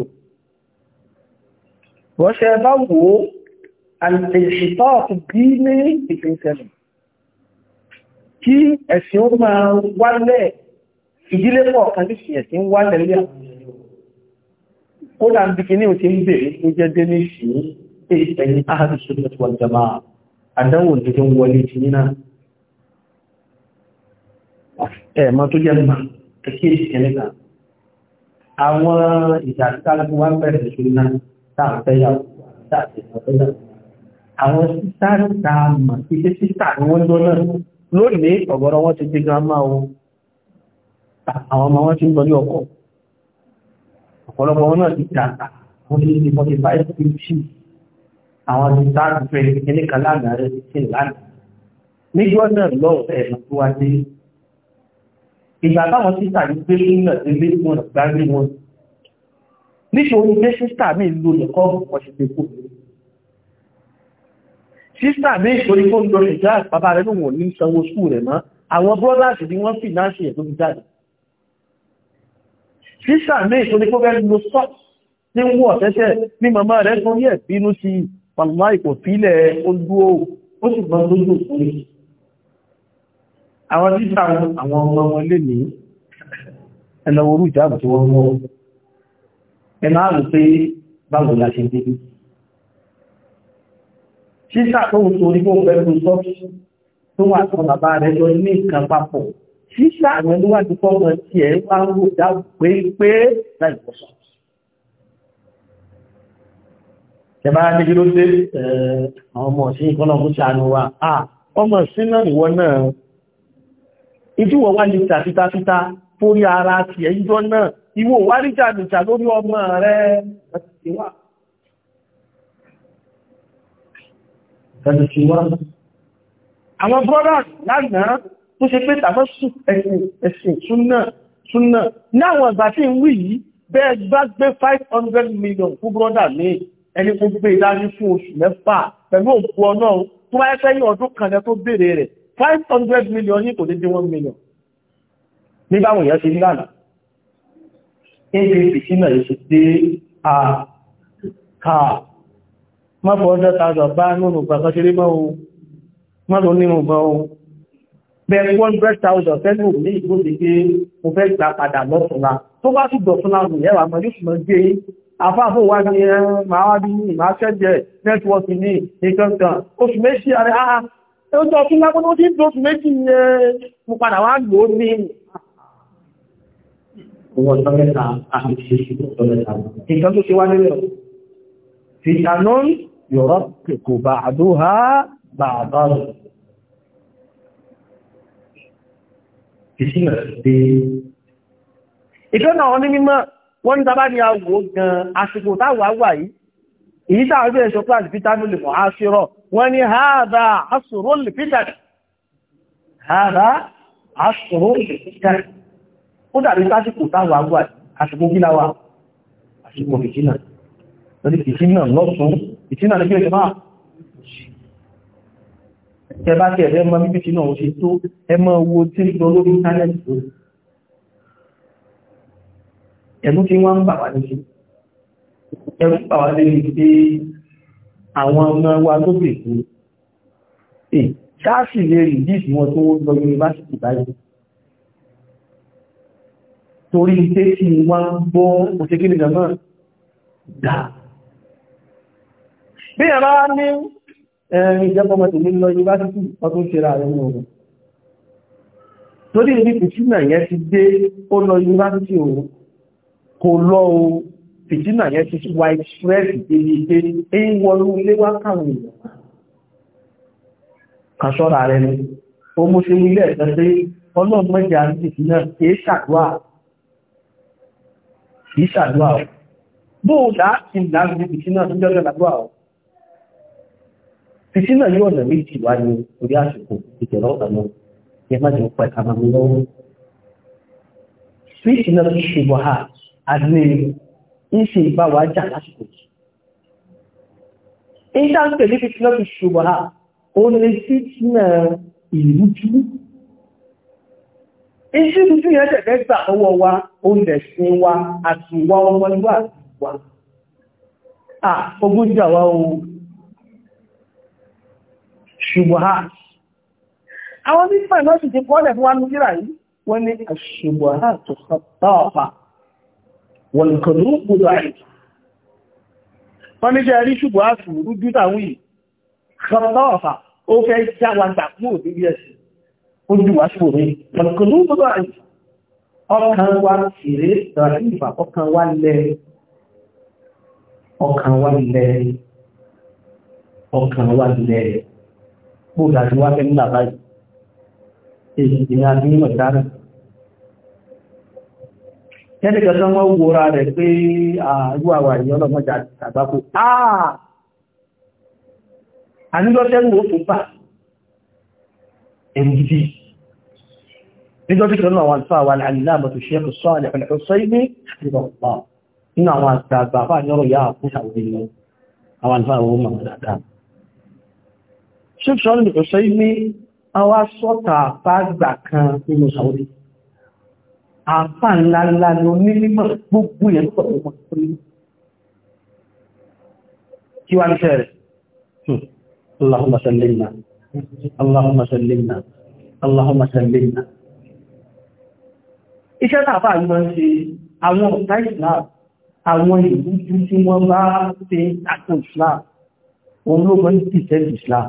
[SPEAKER 1] rọ́ṣẹ́ bá wò ó àìsìtọ́ bí ní ìpínṣẹ́lẹ̀ kí ẹ̀sìn ó máa ìdílé pọ̀ kan ní ẹ̀sìn wálẹ̀ lẹ́yìn kódà ń bí kí ní ò ti ń bèèrè tó jẹ́ dé ní sí ẹ̀yìn ahàdùsùnmọ̀ wal jamaa àdánwò dídí ń wọlé ti nínà ẹ̀mọ́ tó jẹ́ mọ́ ẹ̀kí ìṣẹ́lẹ́gbà àwọn ìjàdíkálùkù wá bẹ̀rẹ̀ sí náà tààfẹ́yàwó àwọn sísáàrù ta mọ̀ sí pé sísáàrù wọ́n jọ náà lónìí ọ̀gọ̀rọ̀ wọn ti dé gírámà o àwọn ọmọ wọn ti ń lọ ní ọkọ̀ ọ̀pọ̀lọpọ̀ wọn náà ti dàgbà wọ́n ti di forty five fifty àwọn ti tá a fẹ́ kíní kan lánàá rẹ̀ ti ṣe lánàá. níjọ́ náà lọ́wọ́ ẹ̀ ló tó wá dé. ìgbà táwọn sísà yìí gbé lóyún àti ilé wọn gbá lé wọn. níṣòro pé sísà mi lo nìkọ́ wọ́n ṣe fẹ́ kó mi. sísà mi ìṣòro ń lọ ìjà bàbá rẹ̀ ló wọ̀n ní sanwó sùúrù mọ́ àwọn bọ́lá sísà méè tó ní kó fẹ́ lo sọ́ọ̀tì tí ń wọ̀ tẹ́tẹ́ ní màmá rẹ̀ tó yẹ̀ bínú sí pàmà ìpò fílẹ̀ olúó ó sì gbọ́n lójú òkúrí àwọn títà àwọn ọmọ wọn lè ní ẹ̀nà orú ìjáàbù tí wọ́n mọ́ ẹ̀nà àrùn pé báwo la ṣe dé sísà tó ń torí kó ṣíṣà àwọn ẹlúwàjú fọ́mọ̀ tí ẹ bá ń wò dá pé pé láì pọ̀sọ̀. ẹ bá ní gíró dé àwọn ọmọ sí ìkọ́lọ̀kú sàánú wa ọmọ sí náà ìwọ náà ìjúwọ̀ wá ní tàfítàfítà fórí ara ti ẹjọ́ náà ìwọ wá rí jàdùjà lórí ọmọ rẹ àwọn brọ́dà lánàá tó ṣe pé tàbí ẹ̀sìn ẹ̀sìn súnà súnà náwọn àgbà tí ń wí yìí bẹ́ẹ̀ bá gbé 500 million fún brọ́dà mi ẹni kó gbé ìdájú fún oṣù mẹ́fà pẹ̀lú òkú ọ̀nà tó wáyé sẹ́yìn ọdún kan tó béèrè rẹ̀ 500 million ní kò dé dé 1 million nígbàwọn èèyàn ti nílànà ẹgbẹ́ ìsìnà ìṣẹ́ pé a káà mọ́bọ̀ 100,000 bá nínú gbàgbàṣẹ́rẹ́ mọ́ o mọ́bọ̀ nínú gbàgbàṣẹ́rẹ́ bẹ́ẹ̀ one hundred thousand fẹ́ẹ́ lò ní ìgbó ti pé mo fẹ́ gbà padà lọ́tùnla tó bá sì dọ̀túnla nù yẹ́wà mọ́ yóò sì mọ́ gbé àfáàfò wá ní máa wá bí máa ṣẹ́jẹ̀ nẹ́tíwọ́ọ̀kì ní nǹkan kan oṣù méjì ààrẹ àá ó jọ wá lò ó tó ṣe wá nílẹ̀ ìsìnà dé ìkẹ́nà wọn ní mímọ́ wọ́n ní tàbá ní àwò gan àsìkò táwà wà yìí èyí táwọn ilé ẹ̀ṣọ́ plant vitamin mọ̀ aṣírọ̀ wọ́n ní hádà aṣòro lè pítàkì hádà aṣòro lè pítàkì ó dàbí sásìkò táwà wà àsìkò tẹ bá tẹ ẹ̀rẹ́ mọ bíbí tí náà ṣe tó ẹ mọ owó tí ń lọ lórí íńtánẹ́ẹ̀tì tó ẹ̀mú tí wọ́n ń bà wá níbi ẹ̀mú bà wá níbi pé àwọn ọmọ wa tó pè kú ẹ̀ ṣáàṣì lè rí díìsì wọn tó lọ yunifásitì báyìí torí pé tí wọ́n gbọ́ òṣèkí náà dà bí ẹ̀rọ ní ẹ̀rin ìjẹ́kọ́mọ tèmi lọ yunifásitì ọdún ṣera rẹ̀ mú ọ̀rọ̀ torí ibi fìtínà yẹn ti dé ó lọ yunifásitì òun kò lọ o fìtínà yẹn ti wá ìṣẹ́ẹ̀sì débi pé èyí wọnú ilé wá káwọn èèyàn kan ṣọ́ra rẹ̀ ni ó mú sí ilé ẹ̀sẹ̀ pé ọlọ́run mẹ́jà ń fìtínà kìí ṣàdúrà kìí ṣàdúrà bóòdá ti dàgbé fìtínà tó jọ́jọ́ làdúrà títí náà yóò ọ̀nà méjì wá ní orí àsìkò ìjọba ọ̀nà náà yẹ má jẹ́ pẹ́ ká máa mú lọ́wọ́. fíìsì náà ti ṣe wàhà àdínlẹ̀ ń ṣe ìbá wa jà lásìkò yìí. ìjà ń tẹ̀lé fíìsì náà ti ṣe wàhà ó lè fíìsì náà ìlú jú. iṣẹ́ tuntun yẹn tẹ̀lé gbà ọwọ́ wa ó lè sin wa àti ìwà ọmọlúwà wa. à ogún jà wa o ṣubuhat àwọn mímọ̀ náà sì ti kọ́lẹ̀ fún wa ní jíra yìí wọ́n ní ṣubuhat tó sọ́tọ́ọ̀fà wọ́n kò ní gbogbo àyè wọ́n ní jẹ́ rí ṣubuhat rújú tàwọn yìí sọ́tọ́ọ̀fà ó fẹ́ já wa gbà kúrò níbi ẹ̀sìn ó jù wá sí òní wọ́n kò ní gbogbo àyè ọkàn wa fèrè ràìfà ọkàn wa lẹ́rìí ọkàn wa lẹ́rìí ọkàn wa lẹ́rìí ko da ruwa kan labari eh ina ni magana ẹni kẹta wọ́n wòrà rẹ̀ pé àrúwàwà ìyọ́lọ́mọ́jà àgbákò àà ànílọ́tẹ́rù ó fún bá ẹ̀rùdí nígbọ́tí kan náà wọ́n fà wà láàmà tó ṣe sọ́ àlẹ́fẹ̀lẹ́ ọ̀sọ́ ilé ìrọ̀pàá nínú àwọn àgbàgbà fà ṣíkṣ ọdún kò ṣe ní àwọn sọ́ta àpágbà kan nínú Saudi àpá ńláńlá ní onílímọ̀ gbogbo yẹn pọ̀lú wọn pé kí wá ní fẹ́rẹ̀ hmm. Allahumma sallimna Allahumma sallimna Allahumma sallimna iṣẹ́ tàbá yíò ṣe àwọn ọ̀tá Islam àwọn ìlú tí wọ́n bá ṣe àkùn Islam òun ló gbọ́n ti tẹ́lẹ̀ Islam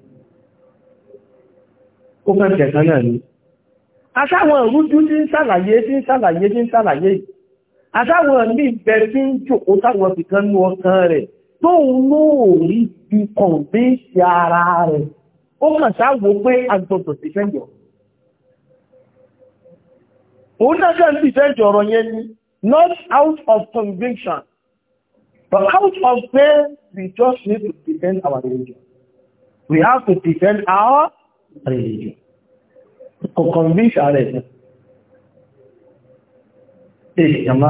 [SPEAKER 1] ó fẹ́ tẹ̀kan náà ni asáwọn ìrújú tí ń sàlàyé tí ń sàlàyé tí ń sàlàyé asáwọn ní ìbẹ̀ tí ń jòkó sáwọn fìkan ní ọkàn rẹ̀ tóun lóòrí bí kọ̀ǹdéṣì ara rẹ̀ ó kàn sáwò pé agbọ̀dọ̀ ti fẹ́ yọ òun náà kàn ti fẹ́ jọ̀rọ̀ yẹn ni not out of conviction but out of faith we just need to defend our religion we have to defend our religion kọ̀kan bí ìṣàrẹ̀ ṣe ìjàmà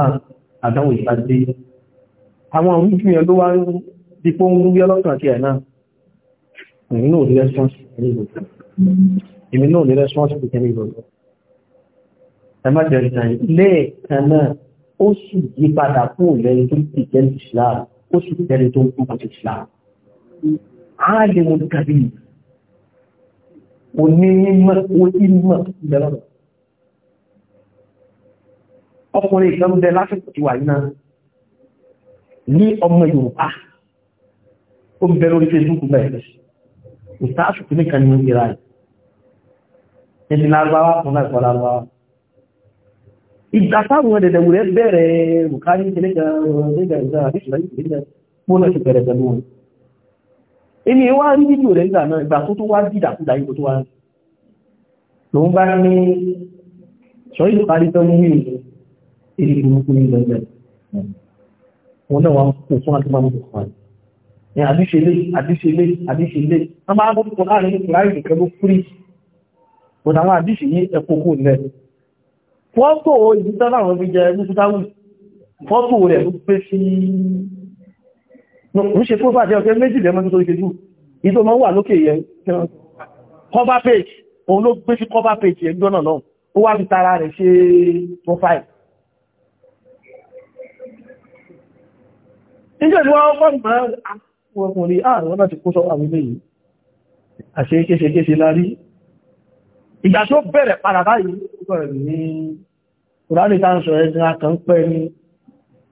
[SPEAKER 1] àdáwò ìpàdé àwọn orújú yẹn ló wá ń dípò ń rúgbé ọlọ́kàn àti ẹ̀nà èmi náà ní response to any ìlú ẹmọ́jẹ̀rẹ̀ ìjàyìn lẹ́ẹ̀kan náà ó sì yí padà fún ìlẹ́rin tó ti jẹ́ ìṣìlá ó sì jẹ́rin tó ń kú onímọ̀ onímọ̀ ìbẹ̀lọ́dọ̀. ọkùnrin ìkan bẹ lásìkò ti wà iná ní ọmọ Yorùbá ó ń bẹ lórí Facebook bẹ̀rẹ̀ ìtaṣù tó nìkan ní ìra ẹ̀ ẹni lágbáwá fún láìpọ̀ lágbáwá ìgbà táwọn ẹ̀dẹ̀dẹ̀ wùrẹ́ bẹ̀rẹ̀ bùkárí ìtẹ́lẹ́gbẹ̀rẹ̀ ìgbà ìgbà àbíṣùlá ìgbà èmi wá rí fídíò rẹ̀ nígbà náà ìgbà tó tó wá dìdàkúdà yíò tó wá rí lòun bá ní ṣọ́rí ló parí tán ní èdè burúkú ní lọ́gbẹ̀ wọn náà wá kò fún àti máa mú kò wáyé ní àdíṣelé àdíṣelé àdíṣelé wọn máa bọ́ púpọ̀ láàrin nípa láì nìkan ló fúrí bọ̀dà àwọn àdíṣe yí ń ṣe fún fàájẹ́ ọ̀tẹ́ méjì lẹ́mọ́ tó ṣe jù ìtò mọ́ wà lókè yẹn cover page òun ló gbé sí cover page yẹn gbọ́nà náà ó wá fi tara rẹ̀ ṣe profile níjẹ́ ìlú wọ́n fọ́n mọ́ ọkùnrin ààrùn ah, náà ti kó sọ́wọ́ àwọn ilé yìí àṣẹ kéṣekéṣe lárí ìgbà tó bẹ̀rẹ̀ padà báyìí ní kùránì tá ń sọ ẹgbẹ́ akàn pẹ́ ni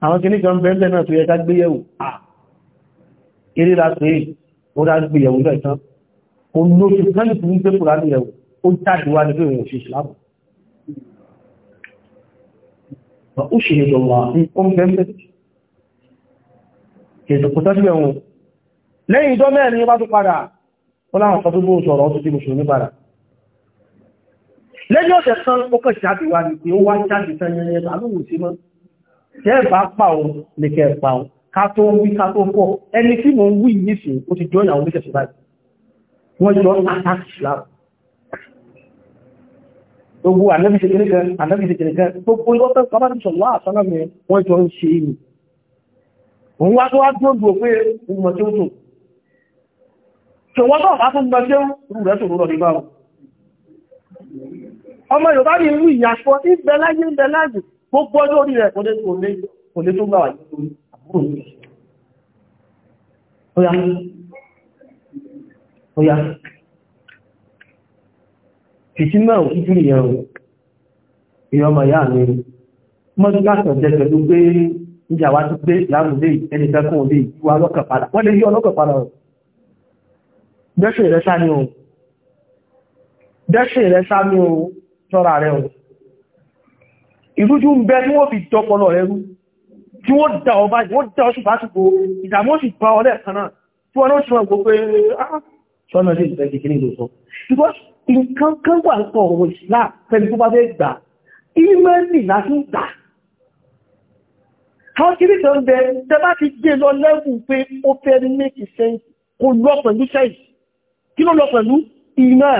[SPEAKER 1] àwọn kìnnìkan bẹ́ẹ̀ náà tó yẹ ká gbéyẹ̀wò ah, eré láti rí ó dájú pé yẹ̀wò náà tán kò ló fi kánì fún pé kò láti yẹ̀wò ó jáde wá ní pé òun ṣe ìsìláàmù ó ṣe èdè wà ní ó ń bẹ́ẹ̀ kèsì kò tọ́jú ẹ̀wọ̀n lẹ́yìn ìjọ mẹ́rin bá tó padà ó láwọn sọ tó bó sọ̀rọ̀ ó ti di padà lẹ́yìn ọ̀sẹ̀ kan ó kàn jáde wá ní pé ó wá jáde tán yẹn yẹn tàbí wù mọ́ tẹ́ẹ̀ bá pa òun kẹ́ pa ká tó ń wí ká tó ń pọ̀ ẹni tí mo ń wí nísìn ó ti jọ ìyàwó méjèèjì báyìí wọ́n jọ látàkìlá gbogbo ànábìsẹ̀kẹ̀rẹ̀kẹ́ ànábìsẹ̀kẹ̀rẹ̀kẹ́ gbogbo ìwọ́tẹ́ kọmọ́sọ̀lá àtọ́nà mi wọ́n jọ ń ṣe ìlú òun wá tó wá gbogbo pé ìmọ̀ tí ó tò ṣòwọ́tọ̀ bá fún gbọ́jẹ́ rú rẹ̀ sòrò nígbà ọmọ Yorùbá ní ìlú ìyàṣọ́ ìbẹ̀láyé ìbẹ̀láyé gbogbo ọjọ́ orí rẹ̀ kò lè tó gbà wà nítorí àbúrò mi ó yá ó yá fìtínà òkújú ìyẹn o èèyàn ọmọ ìyá mi mọ́dúnkàtọ̀ jẹ́ pẹ̀lú pé ìjà wa ti gbé ìyáàmù lè ẹni fẹ́kùn lè wá lọ́kàn padà wọ́n lè yí ọlọ́kàn padà o dẹ́ṣẹ̀ rẹ̀ sá ni o dẹ́ṣẹ̀ rẹ̀ sá ni o ṣọ́ra rẹ̀ o ìrújú ń bẹ tí wọ́n fi tọpọlọ rẹ̀ rú tí wọ́n dá ọba wọ́n dá ọṣù bá ṣùgbò ìdàmú òṣì bá ọlẹ́ kan náà tí wọ́n náà ṣùgbọ́n gbogbo ṣọ́nà sí ìfẹ́ kìkiri ìlú sọ because nǹkan kan wà ń pọ̀ ọ̀rọ̀ ìṣìlá pẹ̀lú tó bá fẹ́ gbà ìmẹ́lì láti gbà àwọn kiri kan bẹ tẹ bá ti gbé lọ lẹ́gùn pé ó fẹ́ make sense kò lọ pẹ̀lú sẹ́yìn kí ló lọ pẹ̀lú ìmẹ́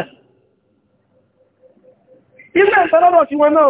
[SPEAKER 1] ìmẹ́ ìfẹ́ lọ́rọ̀ tí wọ́n náà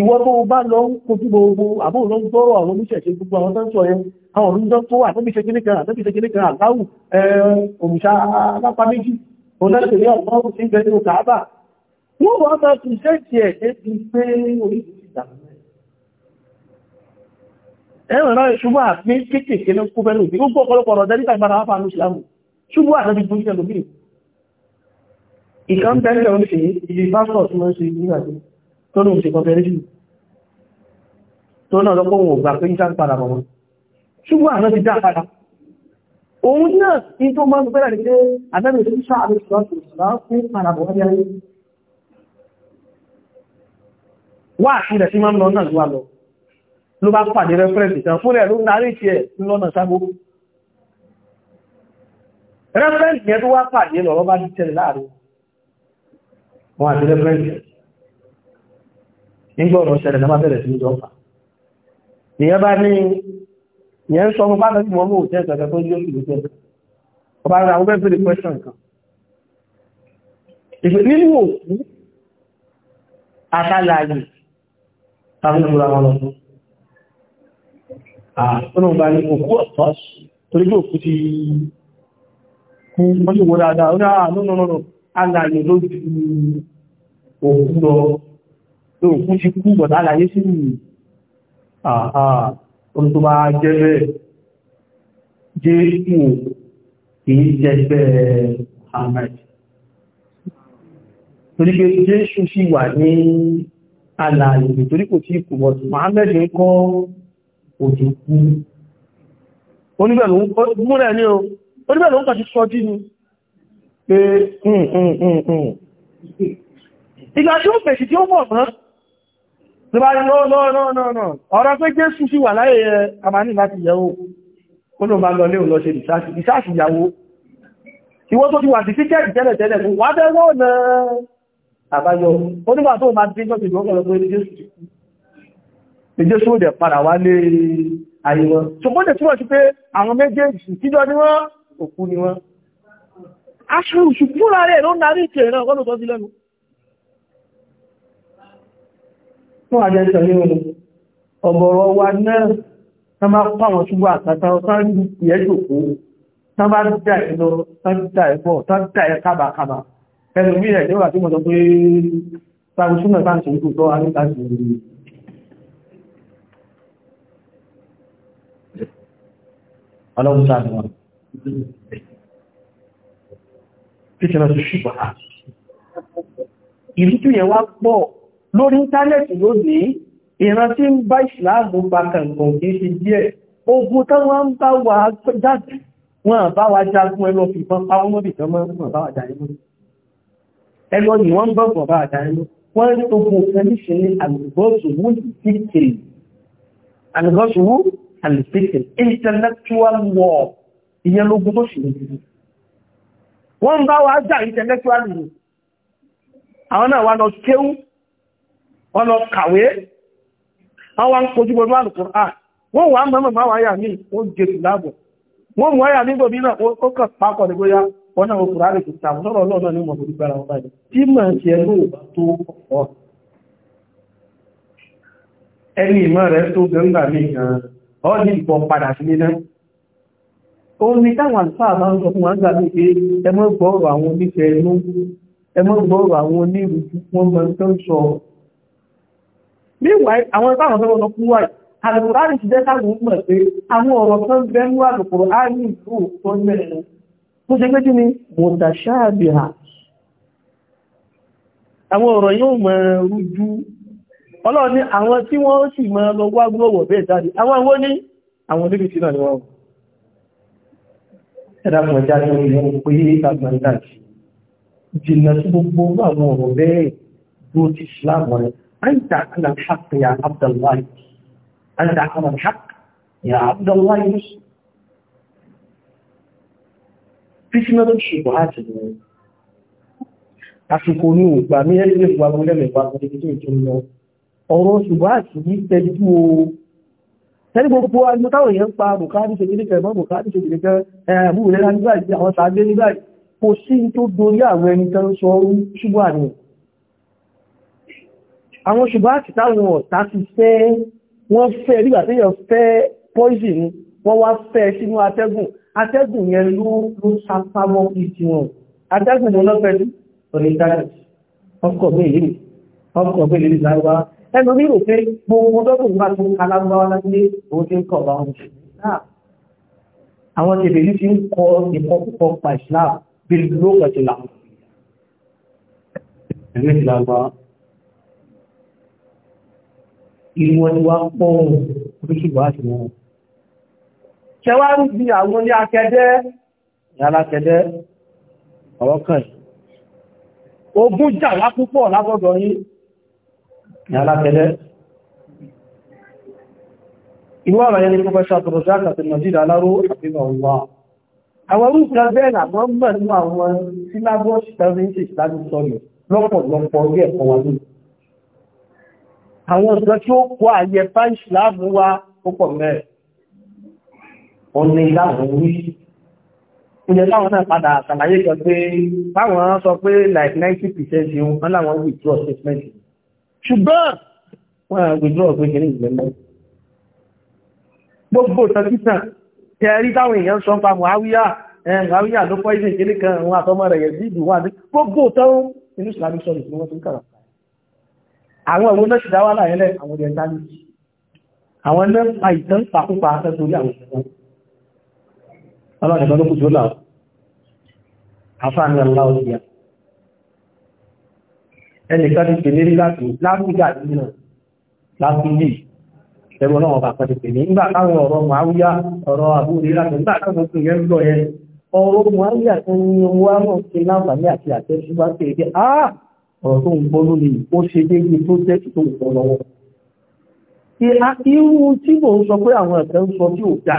[SPEAKER 1] ìwọ tó bá lọ ń kojú gbogbo àbúrò lọ ń tọrọ àwọn oníṣẹ̀ṣe gbogbo àwọn tó ń sọ yẹn àwọn oníjọ tó wà tó bí ṣe kíní kan àtọ́bí ṣe kíní kan àláwù òmùṣà alápá méjì onẹ́sẹ̀lẹ́ ọ̀pọ̀ sí ìgbẹ́ nínú kàábà wọ́n wọ́n bá ti ṣe ti ẹ̀ ṣe ti pé oríṣiríṣi ìdàmú ẹ̀rọ náà ṣubú àfi tó lóun ṣe kọfẹ́rẹ́ṣì tó náà lọ́pọ̀ òun ògbà pé ìṣà ń padà bọ̀ wọn ṣùgbọ́n àwọn ti dá padà òun náà ní tó máa ń pẹ́lẹ̀ ní pé àtẹ́lẹ̀ tó ṣáà lè sọ fún padà bọ̀ wọ́n wá àṣírẹ̀ sí máa ń lọ náà lọ́wọ́ lọ ló bá pàdé rẹ́fẹ́rẹ́sì tán fúnlẹ̀ ló narí tí ẹ̀ lọ́nà sábó rẹ́fẹ́rẹ́sì yẹn tó wá pàdé lọ́rọ́ bá dí tẹ́lẹ̀ láàrin wọn àti rẹ́fẹ́rẹ́sì nígbọ̀rọ̀ ṣẹlẹ̀ náà bẹ̀rẹ̀ sí ní jọ́fà ìyẹn bá ní ìyẹn ń sọ mú pátá sí mọ́mú òtẹ́ ìtọ́jọ́ tó yóò sì lókè ọba ara àwọn bẹ́ẹ̀ bèèrè kan ìṣẹ́ nínú òkú àtàlàyé tàbí ìmúra wọn lọ fún àwọn ọba ní òkú ọ̀tọ́ torí bí òkú ti kú mọ́jú wo dáadáa ó ní àwọn ah, àlàyé tó kún ti kú bọ̀dá àlàyé sí ìlú àà orí tó bá jẹ́ bẹ́ẹ̀ jẹ́ ìwò kìí jẹ́ bẹ́ẹ̀ Muhammad torí pé Jésù sì wà ní alààyè torí kò tí kù bọ̀dá Muhammad ń kọ́ òjò kú oníbẹ̀lú múrẹ̀ ní o oníbẹ̀lú ń kàtí sọ́jí ni pé ìgbà tí ó fèsì tí ó mọ̀ náà tí bá ní lọ́ọ̀lọ́ọ̀lọ́ọ̀lọ́ ọ̀rọ̀ pé jésù sí wà láyé àmàní láti yẹ̀wò ó ló máa lọ lé òun lọ ṣe ìsáàsì ìyàwó ìwọ tó ti wà sí tíkẹ́ẹ̀tì tẹ́lẹ̀ tẹ́lẹ̀ fún wà bẹ́wọ́ ọ̀nà àbáyọ onígbà tó máa dín lọ́sì ìgbọ́gbọ̀lọ́ pé jésù ò dẹ̀ padà wá lé ayé wọn ṣùgbọ́n dẹ̀ túnmọ̀ sí pé àwọn méjèèjì kíjọ ni wọ́n òkú ni wọ́n aṣọ òṣùpúra rẹ̀ ló narí ìtẹ̀ náà gọ́nà tó sí lẹ́nu fún àjẹ́sọ̀ ní olè ọ̀bọ̀rọ̀ wa náà tán bá pàwọn ṣúgbà àtàtà ọ̀tán ìyẹ́jòkó tán bá dà ẹ̀lọ tán dà ẹ̀fọ́ tán dà ẹ̀ kábàkábà ẹnu bí ẹ̀ níwà tí mo sọ pé sàrùsúnà bá wá pọ̀ lórí íńtánẹ́ẹ̀tì lónìí ìran tí ń bá ìsìláàmù bá kàǹkàn kìí ṣe díẹ̀ ogun tán wọ́n ń bá wa jáde wọ́n bá wa jagun ẹlọ fìbọn pa wọ́n mọ́bì tán wọ́n bá wa jáde mọ́ ẹlọ ni wọ́n ń bọ̀gbọ̀n bá wa war ìyẹn lógún tó ṣe wọ́n ń bá wa já intellectual war àwọn náà wá lọ kéwú wọ́n lọ kàwé àwọn àwọn kojúbọ̀ ní àlùkùnrà wọ́n wà mọ́mọ̀ máa wáyà ní wọ́n jẹ́sù láàbọ̀ wọ́n mọ́ wáyà ní gbòmí náà ó kàn pákọ̀ ní bóyá wọ́n náà kùnrà rẹ̀ kò tàbí sọ́rọ̀ ọlọ́ọ̀nà ní mọ̀ lórí gbára wọn báyìí tí mọ̀ sí ẹlú tó ọ̀ ẹni ìmọ̀ rẹ̀ tó gẹ́ngà mí gan ọ́ ní ìbọn meanwhile àwọn táwọn fẹ́ wọn kú wáyé alùpùránì ti jẹ́ táwọn mọ̀ tó ń bẹ́ mú àlùpùrù á ni àwọn tí wọ́n sì mọ̀ lọ wá gbọ́wọ̀ bẹ́ẹ̀ jáde àwọn ní àwọn tí náà ni wọ́n ní pé gbogbo àwọn ọ̀rọ̀ bẹ́ẹ̀ ti أنت على الحق يا عبد الله أنت على الحق يا عبد الله في mẹ́rin ṣùgbọ́n láti rẹ̀. Àṣìkò ní ìgbà mílẹ̀ ìgbàgbọ́ lẹ́mẹ̀gbàgbọ́ tó ìjọ lọ. Ọ̀rọ̀ ṣùgbọ́n àti yìí tẹ́jú o. Tẹ́lú gbogbo agbótáwò yẹn ń pa Bùkárí ṣe gírí kẹ̀mọ́ Bùkárí ṣe àwọn ṣùgbọ́n àti táwọn ọ̀tá ti fẹ́ wọ́n fẹ́ nígbà tí yàn fẹ́ poison ni wọ́n wá fẹ́ sínú atẹ́gùn atẹ́gùn yẹn ló ló sápamọ́ ìtì wọn atẹ́gùn mo lọ́fẹ́ ní onítàkìtì ọkọ̀ mi yìí ọkọ̀ mi lè lárúbá ẹnu ní òfin gbogbo dọ́gbùn bá tún kalágbáwá láti òun ti ń ìlàgbà ìwọ ni wá pọ̀ oríṣìíwá sí wọn ṣẹwárí bí àwọn ní akẹ́dẹ́ ìyálàkẹ́dẹ́ ọ̀rọ̀kàn ogun jà lápúpọ̀ lábọ́dọ̀ yí ìyálàkẹ́dẹ́ ìwọ́ ọ̀rọ̀ yẹn ni pọ́fẹ́sà tọrọsáàkà tí nàìjíríà aláró àfihàn wà àwọn orú kan bẹ́ẹ̀ làwọn mọ̀ nínú àwọn sílábọ́ọ̀sì 76 láti sọ́yọ̀ lọ́pọ̀lọpọ̀ orí ẹ̀kọ́ wa lóòrùn àwọn nǹkan tí ó kó àyẹ bá ìṣìláàmù wa púpọ̀ mẹ́rẹ̀ ó ní láwọn orí ilẹ̀ láwọn náà padà àtàlàyé kan pé báwọn sọ pé like 90 percent yìí wọ́n láwọn withdraw statement ṣùgbọ́n wọ́n withdraw pé kìí ìgbẹ̀mọ́ gbogbo tọ́kítà tẹ́rí táwọn èèyàn sọ pa mọ̀háwíyà mọ̀háwíyà ló pọ́ ìsìn kéré kan àwọn àtọmọ rẹ̀ yẹ̀ sí ìdùwà gbogbo tán inú ìsìlámi sọ̀rọ̀ ìfún wọn tó ń kàrà àwọn ìwọ́n náà ṣìdá wà láyẹ́lẹ̀ àwọn orientalist àwọn ẹgbẹ́ àìtàn pàkúpa akẹ́sórí àwọn ìṣẹ́kọ́ ọlọ́dẹ̀gbọ́n ló kù tí ó láwọ́ àfáàní aláwọ̀ sí ẹnìkan ti pè ní láti láfíjà nínú láfíjì ẹgbẹ́ náà bá pẹ̀lú pè ní nígbà táwọn ọ̀rọ̀ màáwíyá ọ̀rọ̀ àbúrí láti nígbà táwọn òkú yẹn ń lọ yẹn ọ̀rọ̀ màáwíyá tó ń wá mọ̀ sí láǹfààní àti àtẹ́síwájú èdè ọ̀rọ̀ tó ń gbọ́ lórí ó ṣe déédé tó jẹ́ tó ń lọ́wọ́. Irú tí mò ń sọ pé àwọn ẹ̀fẹ́ ń sọ tí ò dá.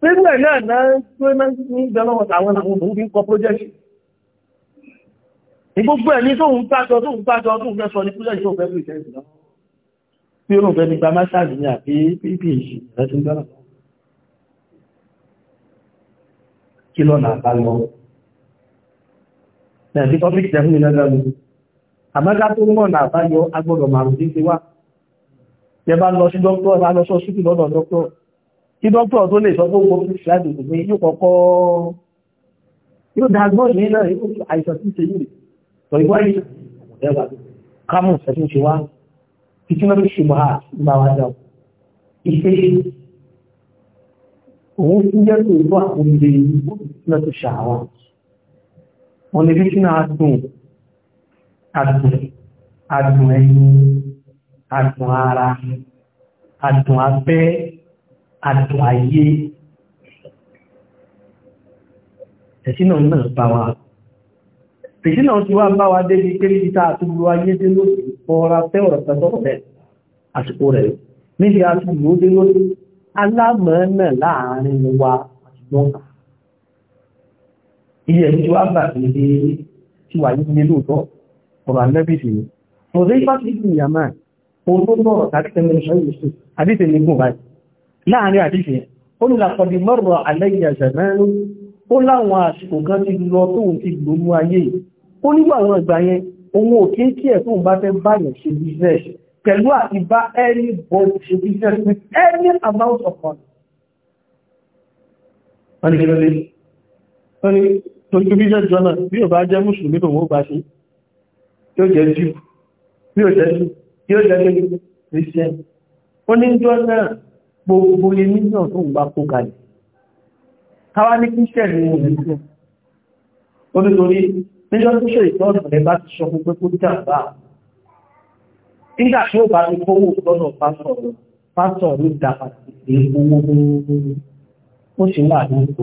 [SPEAKER 1] Pẹ̀lú ẹ̀ náà náà tó ná ní ìjọ tàwọn àwọn òun fi ń kọ pọ́jẹ́ṣì. Ní gbogbo ẹ̀ ní tó ń tájọ tó ń tájọ tó ń fẹ́ sọ ní pọ́jẹ́ṣì tó fẹ́ àmọ́gá tó mọ̀ náà báyọ agbọ́dọ̀ màrùn dín ti wá yẹ bá lọ sí dọ́kítọ̀ bá lọ sọ síkì lọ́dọ̀ dọ́kítọ̀ kí dọ́kítọ̀ tó lè sọ gbogbo ìṣáàdì ìgbé yóò kọ́kọ́ yóò dá gbọ́ ní náà yóò àìsàn tí ń ṣe yìí sọ ìwá yìí ẹ̀wà kámù ṣẹ̀tún ṣe wá títí náà ṣùgbọ́n à gbà wá dà adùn adùn ẹyin adùn ara adùn abẹ́ adùn ayé ẹ̀sìn náà náà bá wa pèsè náà ti wá bá wa débi pé níbi tá a ti lo ayé dé lórí ọ̀rọ̀ afẹ́ ọ̀rọ̀ pẹ̀sọ́rọ̀ rẹ̀ àsìkò rẹ̀ níbi a ti lo dé lórí alámọ̀ọ́nà láàárín wa àtìgbọ́n iye ẹ̀sìn tí wá bà sí ti wà ní lóòótọ́ ọ̀rọ̀ àlẹ́bí sí ni ọ̀rẹ́ ipá sí ìgbìn ìyàmá olóòrọ̀ tàbí àdíṣẹ́ ní gùn báyìí láàrin àdíṣẹ́ olùlàpọ̀dì mọ́rọ̀ àlẹ́yà ṣẹ̀mẹ́rin ó láwọn àsìkò kan ti lọ tóun ti gbòmú ayé ó nígbà àwọn ìgbà o ohun òkè kí ẹ̀ tóun bá fẹ́ báyìí ṣe business pẹ̀lú àti bá any board ṣe business with any amount of money. wọ́n ni kí ló lé wọ́n ni tó ń tó bí jẹ́ jọ náà bí ò bá jẹ́ mùsùlùmí tó wọ́n bá ṣe yóò jẹ́ jù bí ó jẹ́ jù yóò jẹ́ jù christian ó ní jọ náà gbogbo ẹni náà tó ń bá kó kalẹ̀ káwá ní christian ní ìwọ̀n ìlú ó nítorí níjọ́ tó ṣe ìtọ́nà rẹ̀ bá ti sọ pé kó jàmbá nígbà tí ó bá ti kówó lọ́nà pásọ̀rọ̀ pásọ̀rọ̀ dàpàtì owó ó sì wà ní kò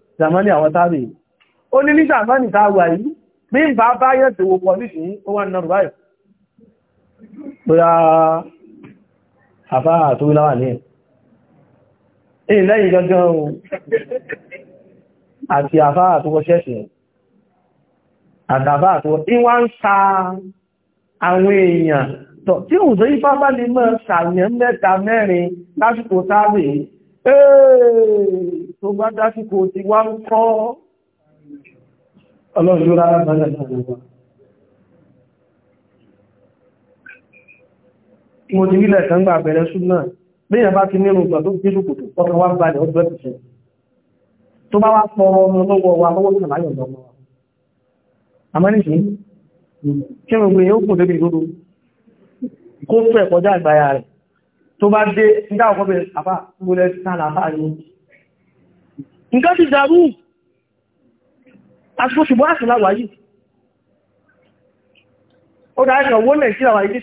[SPEAKER 1] zamani àwọn tábì ó ní ní zamani tá wà yìí bí n bá bá yẹ́ tó wọ́pọ̀ nísìnyí ó wà nínú báyìí bóyá àfá àtúrí láwà ní ẹ̀ lẹ́yìn gangan àti àfá àtúwọ́ ṣẹ́ṣẹ̀ àtàfá àtúwọ́ ìwá ń sa àwọn èèyàn tọ̀ tí òun tó yí pápá lè mọ́ sàyẹ̀ mẹ́ta mẹ́rin lásìkò tábì tó bá dásìkò ti wá ń kọ́
[SPEAKER 2] ọlọ́jọ́ rárá
[SPEAKER 1] ìjọba mo ti rílẹ̀ kan gbà bẹ̀rẹ̀ súnmọ́ léyàn bá ti nínú ìgbà tó gbé lùkùtù ọkọ̀ wá balẹ̀ ọdún ẹ̀pùsẹ̀ tó bá wá pọ̀ ọmọ lọ́wọ́ wa lọ́wọ́ ìsànlá yọ̀dọ̀ ọmọ wa àmọ́ nìṣẹ́ kí gbogbo èèyàn ó kò débi ìgbòdo kó fẹ́ kọjá àgbáyà rẹ̀ tó bá dé nígbà ọkọ̀ bẹ̀rẹ̀ àbá múlẹ̀ sára bá ní nǹkan ti dàrú aṣíkòṣùgbọ́ àṣìláwà yìí ó dá ẹ̀kọ̀ wọ́n nàìjíríà wà yìí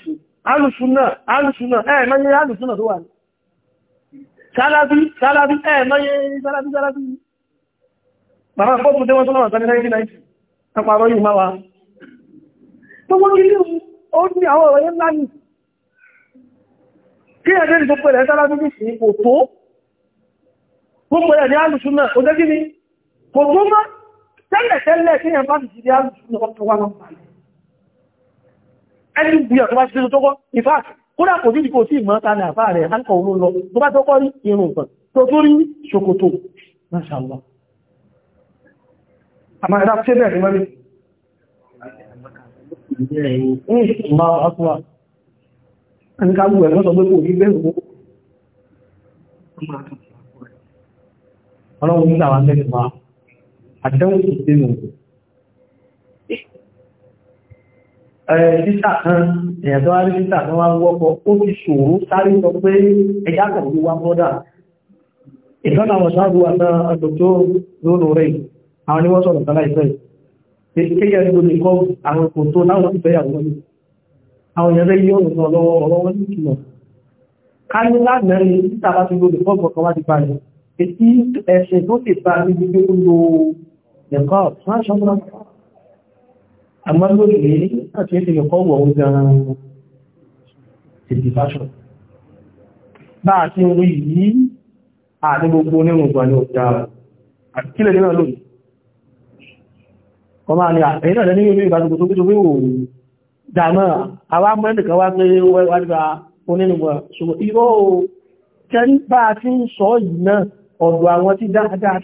[SPEAKER 1] alùsùnà alùsùnà ẹ̀ẹ̀mọ́yẹ alùsùnà tó wà ní sálábí sálábí ẹ̀ẹ̀mọ́yẹ sálábí sálábí bàbá pọ́pù tẹ́wọ́n tó lọ́wọ́ sálábí náà kí ẹ̀dẹ́ ní gbogbo ẹ̀rẹ́ sára bíbí sí kò tó gbogbo ẹ̀rẹ́ ní alùsùnà ó jẹ́ gíní kò tó mọ́ tẹ́lẹ̀ tẹ́lẹ̀ kí ẹ̀ bá ti jí alùsùnà ọkọ̀ wà lọ́pàá ẹni bí ọ̀tọ́ bá ti tó tọ́kọ́ in fact kódà kò sí ìdíkò sí ìmọ̀ta ní àfáà rẹ̀ alùkọ̀ òun lọ tó bá tọ́kọ́ rí irun nǹkan tó tó rí ṣòkòtò máṣàlá àmà ẹ̀dá ṣẹ́bẹ̀ẹ́ ẹni ká gbogbo ẹ̀mọ́ sọ pé kò ní bẹ̀rù owó ọlọ́run nígbà wà mẹ́rin wa àtẹ́wọ̀n sì dé títà kan èèyàn tó wá rí títà wá ń wọ́pọ̀ ó ti ṣòro sáré sọ pé ẹjá wá bọ́dà ìtọ́nà àwọn àdòtó àwọn èèyàn rẹ̀ yóò rùn lọ́wọ́ ọ̀rọ̀wọ́ ní ìkìlọ̀ ká ní lánàá ní títà bá ti lórí fọ́gbọ̀n kan wá ti parí ètí ẹ̀ṣẹ̀ tó ti pa ní gbígbé ó lo ẹ̀kọ́ máa ṣọ́gbọ́n àmọ́ lónìí láti ètò ẹ̀kọ́ wọ̀ ó gan-an ìdìfáṣọ̀ bá a ti rí yìí àti gbogbo onírùn ìgbà ní ọjà àti kílẹ̀ nínú lónìí ọmọ àni àtẹ́yìn dàmọ́ àwọn amẹ́nìkan wá pé wájúwá onínúwọ̀ ṣùgbọ́n irọ́ kẹrí bá ń bá a ṣe ń sọ pèsè náà ọ̀dọ̀ àwọn tó dáadáa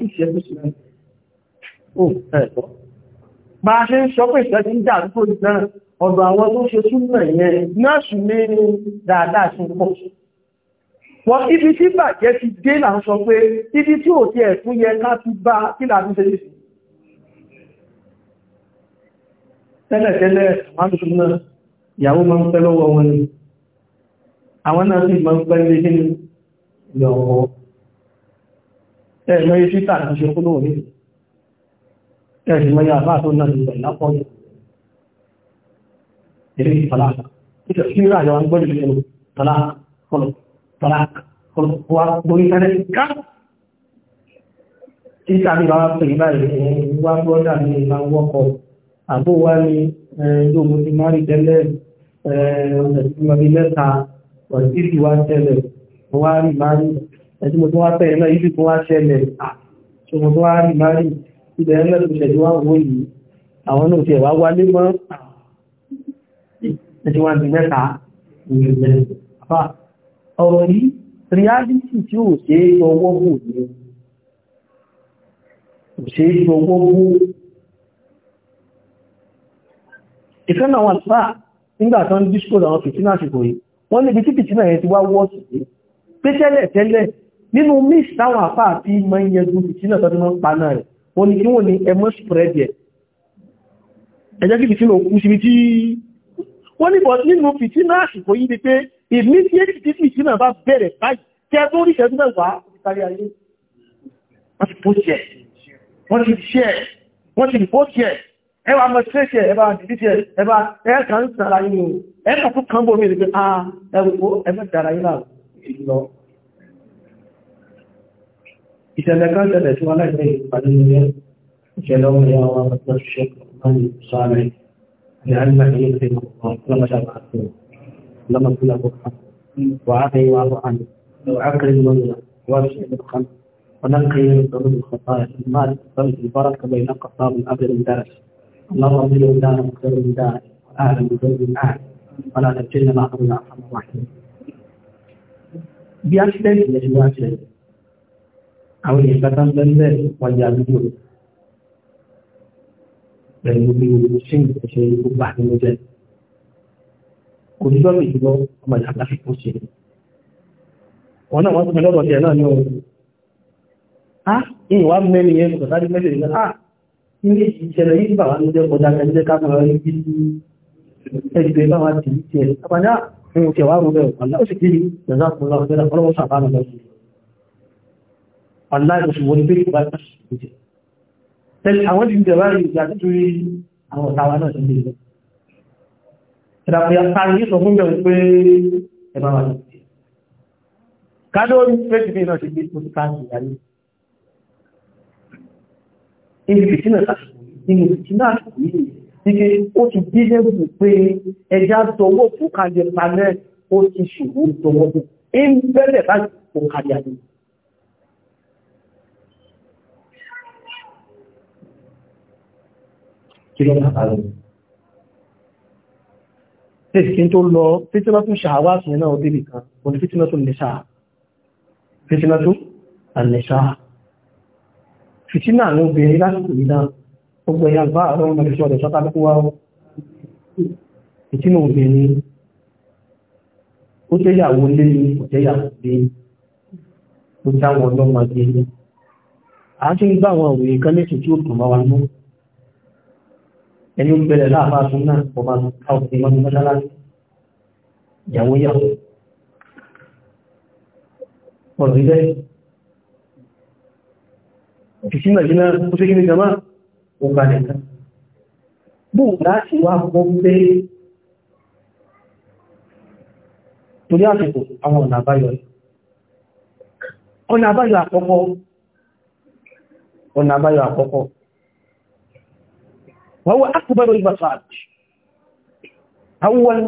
[SPEAKER 1] sí wọ́n ibi tí bàjẹ́ ti dé là ń sọ pé ibi tí ò ti ẹ̀fún yẹ ká ti bá kí làá ti ṣe tẹ́lẹ̀tẹ́lẹ̀ alùsùn náà ìyàwó máa ń pẹ́ lọ́wọ́ wọn ni àwọn náà sì máa ń pẹ́ lé nínú ìyọ̀wọ́ ẹ̀mọ́ iṣẹ́ tààtà ṣe kúrò ní ẹ̀ṣìmọ́ yà bá tó náà ìgbẹ̀ lápọ́lù ilé ìfàláàkà ìṣẹ̀ṣíra àwọn agbọ́dù nínú tọ́láàkọ́lọ̀kọ́lọ̀kọ́lọ̀kọ́ Títà ní bá wá pè ní báyìí, wá gbọ́dà ní ìlànà wọ́kọ̀ọ́ àbó wá ní ẹ̀rọ mo ti máa rí tẹ́lẹ̀ ọ̀sẹ̀ tí mo fi mẹ́ta ọ̀sẹ̀ tí ìwà ṣẹlẹ̀ mo wá rí máa rí ẹ̀sìn mo tún wá tẹ̀lé náà yìí tún wá ṣẹlẹ̀ ṣe mo tún wá rí máa rí ibẹ̀ ẹ̀rọ tó ṣẹ̀dí wá wò yìí àwọn náà tiẹ̀ wá wálé mọ́ ẹ̀sìn wọn ti mẹ́ta ọ̀rọ̀ yìí reality tí ò ṣe é ọwọ́ bò ní ò ṣe é ọwọ́ bò ìfẹ́nà àwọn àlùfáà nígbà tán ń disclose àwọn fìtínà àsìkò yìí wọ́n níbi tí fìtínà yẹn ti wá wọ́ sí i pé tẹ́lẹ̀ tẹ́lẹ̀ nínú mix ti, àfáà fi mọ ìyẹnjú fìtínà tó ti máa ń pa náà rẹ̀ wọ́n ní kí wọ́n ní ẹmọ́ spread yẹ ẹjẹ́ kí fìtínà òkú síbi tí wọ́n ní bọ̀ nínú fìtínà àsìkò yìí ni pé immediate tí fìtínà bá bẹ̀rẹ̀ báyìí tẹ́ tó rí ìṣẹ́jú mẹ́wàá kárí ayé wọ́n ti pọ́ ẹwà mọ̀ ṣẹ́ṣẹ́ ẹbá dìdíjẹ́ ẹbá ẹ̀ẹ́kà ń sàrà inú ẹ̀ẹ́kà tó kàn bó mi rí pé a ẹwùkú ẹmẹ́dàrà ilá ìlọ ìṣẹ̀lẹ̀ kan tẹ̀lẹ̀ tí wọ́n láìpẹ́ ìpàdé ilé ìṣẹ̀lẹ̀ ọmọ ìyá wa mọ̀ ṣiṣẹ́ kan sáré ní àríwá ilé tí wọ́n lọ́mọṣà máa tó lọ́mọkúlà bó kan wà á fẹ́ wà á bọ̀ hàn lọ́wọ́ ákìrí lọ́wọ́ wà á ṣe ẹ̀kọ́ ونلقي ذنوب الخطايا المال البركه بين قصاب الابر المدرس اللهم اغفر لنا وكفر بداره واهل بذنب الاهل ولا تبتلنا مع قبل ارحم الراحمين bí accident lè ṣe wá ṣe àwọn èèyàn bá tán lẹ́lẹ́ wọ́n yà lójú rẹ̀ pẹ̀lú bí o ṣe ń ṣe gbogbo àdínú jẹ́ kò ní lọ́rùn ìdúró ọmọ ìyá bá fi kó ṣe wọn náà wọ́n tún fi lọ́rọ̀ tiẹ̀ náà ní ọ̀rọ̀ ah ìyìn wá mẹ́rin yẹn kò sáré mẹ́rin yẹn ah ilé ìṣẹ̀lẹ̀ yìí bàbá ló jẹ́ kọjá ẹgbẹ́ kámọ̀rọ̀ ibi ẹgbẹ́ bá ti ti ẹ̀ àpàdá ohun wà rúbẹ̀ ọ̀pàá ó sì kí ìjọba ọlọ́wọ́ sàbánà lọ ibi fìtínà nínú fìtínà yìí wípé ó ti dé lẹ́gbù pé ẹja tọwọ́ fún kàjẹ panẹ́ ó ti ṣòro tọwọ́ fún ń bẹ̀rẹ̀ láti fún kàjẹ àti kí ló bàbá lọ Èsì tó lọ fítínà tún ṣàwá sí ẹ̀nà ọdún ìkan, òní fítínà tún lè ṣáà. Fítínà tún lè ṣáà fìtínà ló bèèrè lásìkò ìdá gbogbo ẹ̀yà bá àwọn ọmọ ìṣọ́ ọ̀dẹ̀ sọ́tà lókú wá ó fìtínà obìnrin ó jẹ́yàwó lé ní òjẹ́yàwó lé ó dáwọn ọlọ́mọ gbé a ti ń bá àwọn òwe kan lẹ́sìn tí ó dùn mọ́ wa mú ẹni ó bẹ̀rẹ̀ láàbá tún náà kò máa ká òfin mọ́ mọ́ṣáláṣí ìyàwó yàwó ọ̀rọ̀ ilẹ̀ fìtínà jìnà ó ṣe kí ní jama ó balẹ̀ kan bóò láti wá kọ́ pé torí àsìkò àwọn ọ̀nà àbáyọ ọ̀nà àbáyọ àkọ́kọ́ ọ̀nà àbáyọ àkọ́kọ́ wọ́n wọ́n akùbẹ̀rẹ̀ ìgbàsáàjì àwọn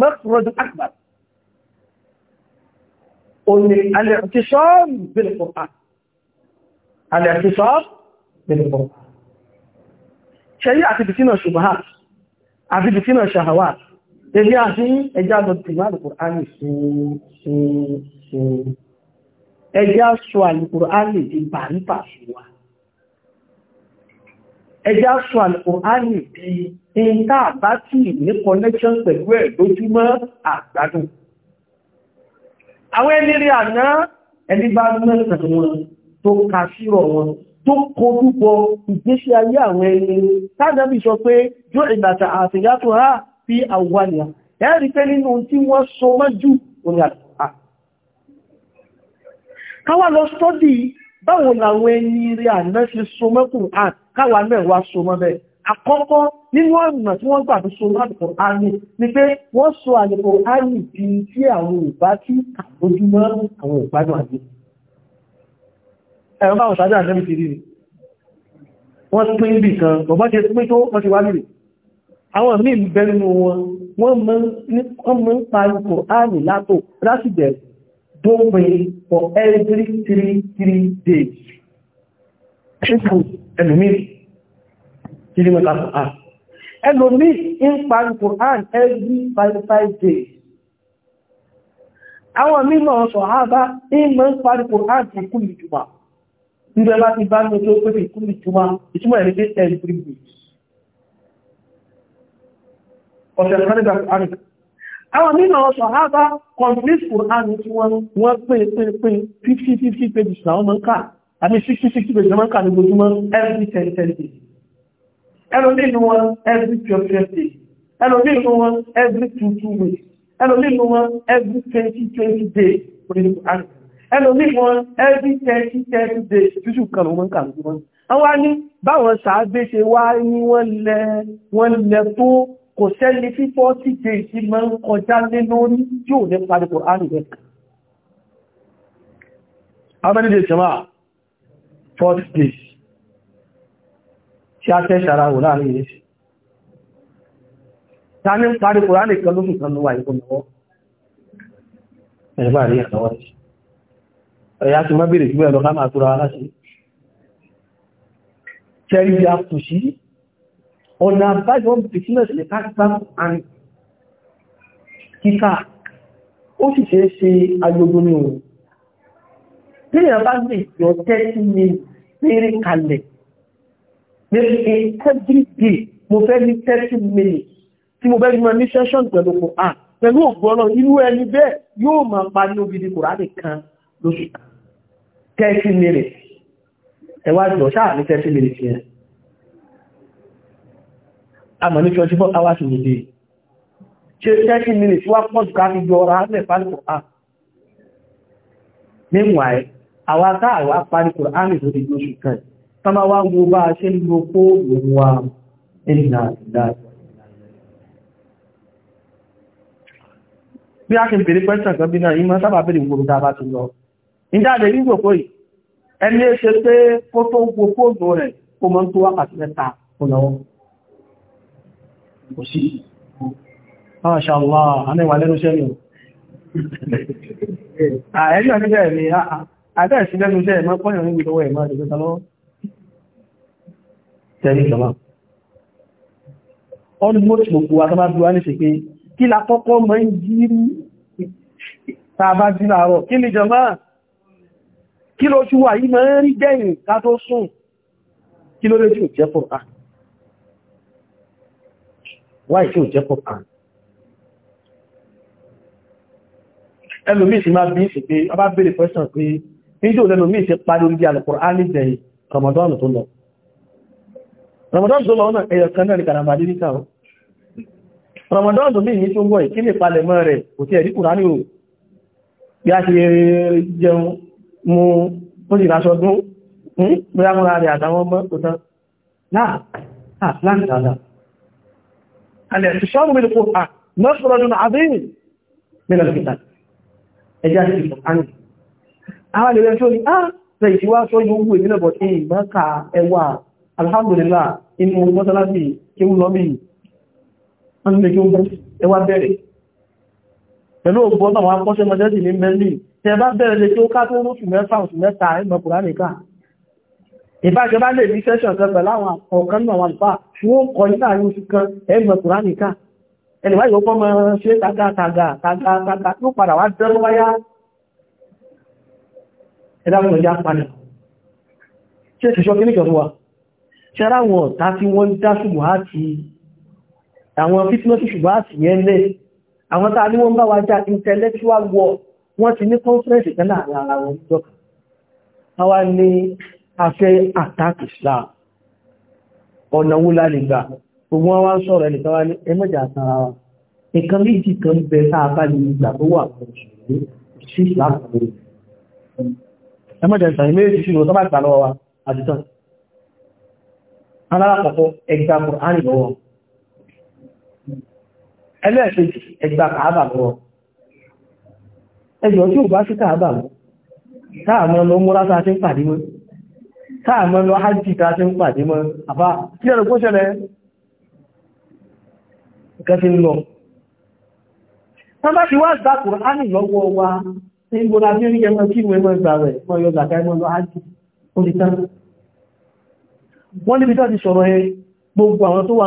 [SPEAKER 1] mẹ́fúrọ̀dù akùbẹ̀rẹ̀ al-i'tisam bil-Qur'an ṣẹ́yí àti bìtínà ṣubuhat àti bìtínà shahawat èyí àti ẹjá lọ tìmá al-Qur'an sí sí sí ẹjá sọ al-Qur'an di bàrípà ṣùwà ẹjá sọ al-Qur'an di ìta àbátì ní connection pẹ̀lú ẹ̀ lójúmọ́ àgbádùn àwọn ẹni rí àná ẹni bá mẹ́rin tó ka sírọ̀ wọn tó kọlúbọ ìgbésí ayé àwọn ẹni tánàbí sọ pé jó ìgbàta àtìyàtò ha fi àwọ̀wànìyà ẹ̀rí pé nínú tí wọ́n so mọ́jú òní àtìyà káwà lọ sọ́dì báwo làwọn ẹni rí àná ṣe so mọ́kùn àn káwà mẹ́wàá so mọ́ bẹ́ẹ̀ àkọ́kọ́ nínú ọ̀nà tí wọ́n gbà fi so mọ́kùn àní ni pé wọ́n so àyẹ̀kọ̀ àní di tí àwọn ìbá tí àbójúmọ́ àwọn ìgbádùn àgbẹ̀ ẹ̀rọ báwọn sàájá àjẹ́bì ti rí ni wọ́n pín bì kan bọ̀bọ́n ṣe pín tó wọ́n ti wá nílé àwọn míì bẹnu wọn wọ́n mọ́ ń parúkọ̀ áàmì látò láti dópin for every three three days ẹlòmíì kiri mẹ́ta fún à ẹlòmíì ń parúkọ̀ áàmì every five five days àwọn mímọ̀ sọ̀hábá ń mọ́ ń parúkọ̀ áàmì kú ìjùmọ̀ nígbẹ́ láti bá ní ojú pé kí ní ìtumọ̀ ìtumọ̀ ẹ̀rí pé ẹ̀rí pé gbé ọ̀sẹ̀ ìrànlẹ́gbà àrí àwọn nínú ọ̀sọ̀ àbá complete Quran tí wọ́n wọ́n pè pè pè 50-50 pages na wọ́n ká àbí 60-60 pages na wọ́n ká ní gbogbo every 10 days ẹlò nínú wọn every 12 days ẹlò nínú every 2-2 weeks ẹlò nínú wọn every 20-20 days ẹlòmí wọn ẹbí tẹ́tí tẹ́tí dé ṣíṣù kan wọn kà lójú wọn àwọn ní báwọn sàábé ṣe wá ní wọ́n lẹ wọ́n lẹ tó kò sẹ́ni fífọ́ tí dé sí máa ń kọjá lé lórí yóò lè pariwo àrùn How many days, Jama? Forty days. Ṣé a tẹ́ ṣàrà wò láàrin ilé ṣe? Ta ní ń parí Kùránì kan lóṣù kan ló wà ìkọ̀lọ́wọ́? Ẹ̀rẹ́bà rí àtọwọ́ ṣe ẹ̀yà tí má bèèrè jùlọ ẹ̀lọ́ká máa tóra aláṣẹ tẹ́lẹ̀ àtúnṣí ọ̀nà àbájọ́ business lè káàkiri and kíkà ó sì ṣe é ṣe agbogbo ní ohun lẹ́yìn bá lè yọ tẹ́sí ní péré kalẹ̀ ní every day mo fẹ́ ní 30 minutes tí mo bẹ́ẹ̀ ní session pẹ̀lú kòrán pẹ̀lú ògbọ́nà inú ẹni bẹ́ẹ̀ yóò máa parí obìnrin kòrán nìkan lóṣù 30 minutes ẹwàjọ sáà ní 30 minutes yẹn a mọ̀ ní 24 hours in a day ṣe 30 minutes wá pọ̀ jùká ní jọ ọ̀rọ̀ alẹ́ parí kòrán meanwhile àwa táà wá parí lóṣù wá gbogbo ṣe gbogbo ìjáde ní gbogbo yìí ẹni ṣe pé kó tó gbogbo rẹ̀ kó mọ́ tó wákàtí mẹ́ta kò lọ́wọ́ kò sí Máṣàlá, àníwà lẹ́nu iṣẹ́ ni. Àẹ́lú àníjẹ́ ẹ̀mí, àtẹ́ ìsìn lẹ́nu iṣẹ́ ẹ̀mọ́ pọ́yàn ní ìlọ́wọ́ ẹ̀mọ́ àdìgbẹ́ta lọ́wọ́. Tẹ́lú ìjọba. Almost gbogbo àtọ́bá bí wá ní ṣe pé kí la kọ́kọ́ mọ́ ń jírí tàbá jí láàárọ̀. Kí ni jọmọ́? kí ló ṣúwà yí ma ń rí dẹ́yìn ká tó sùn kí ló lè tí ò jẹ́ pọ̀pá wáyé tí ò jẹ́ pọ̀pá ẹlòmí sí máa bí sí pé a bá bèèrè pẹ́sàn pé níjò lẹ́lòmí sí parí orí alùpùrá nígbẹ̀yìn Ramadan tó lọ Ramadan tó lọ náà ẹyọ kan náà ní kàràmàdé níta ọ Ramadan tó mìí ní tó ń bọ̀ ìkíni palẹ̀mọ́ rẹ̀ kò tí ẹ̀rí kùránì ò mú ó sì láṣọ dún hmm, bóyá múra rẹ̀ àtàwọn ọmọ tó tán náà àtìláńtì dáadáa alẹ́ ìṣọ́rù mi kò à mọ́sùlọ́dún àbíyìn mílọ̀ kìtà ẹjá sí ìfọ̀ ánì àwọn ilẹ̀ tó ní á rẹ̀ ìṣíwá sọ yóò wù èmì lọ́bọ̀ tí ìbáka ẹwà alhamdulillah inú mọ́sálásí kí ó lọ́mí ẹwà bẹ̀rẹ̀ pẹ̀lú ògbọ́n àwọn akọ́ṣẹ́mọṣẹ́ sì ní mẹ́lì tẹ bá bẹ̀rẹ̀ lè tí ó ká tó rúfù mẹ́fà oṣù mẹ́ta ẹgbẹ̀ kùránì ká ìbájẹ́ bá lè ní sẹ́ṣọ̀n kan pẹ̀lú àwọn ọ̀kan náà wà nípa tí ó kan ẹgbẹ̀ kùránì ká ẹnìwá yóò kọ́mọ ṣe tàgà tàgà tàgà tàgà tó padà wá dẹ́rọ wáyá ẹ̀dàkùnrin já padà ṣe ṣiṣọ́ kí níjọ̀ fún wa ṣe ara wọn ọ̀tá tí wọ́n dá ṣùgbọ́n àti àwọn fitness ṣùgbọ́n àti yẹn lẹ́ àwọn tá wọ́n bá wa intellectual war wọ́n ti ní conference kan láàrin ara wọn jọka àwa ní afẹ́ attack Islam ọ̀nà wo la lè gbà gbogbo wọn wá ń sọ̀rọ̀ ẹnìkan wá ní ẹmọ́jà àtàrà wa nǹkan méjì kan bẹ táa bá lè gbà tó wà fún ìṣòro sí Islam lórí ẹmọ́jà ìsàní méjì sí ìrò tó bá gbà lọ́wọ́ ẹgbà Kàábà lọ́wọ́ ẹjọ́ tí ò bá sí káàbà mọ́ táàmọ́ lọ múra sáà tí ń pàdé mọ́ táàmọ́ lọ hajji tí ń pàdé mọ́ àbá kí ẹ̀rọ kó ṣẹlẹ̀ kẹfì ń lọ wọ́n bá ti wá gba Kùránì lọ́wọ́ wa ní gbọ́nà bí kí ìwé rẹ̀ yọ gàgá gbogbo àwọn tó wà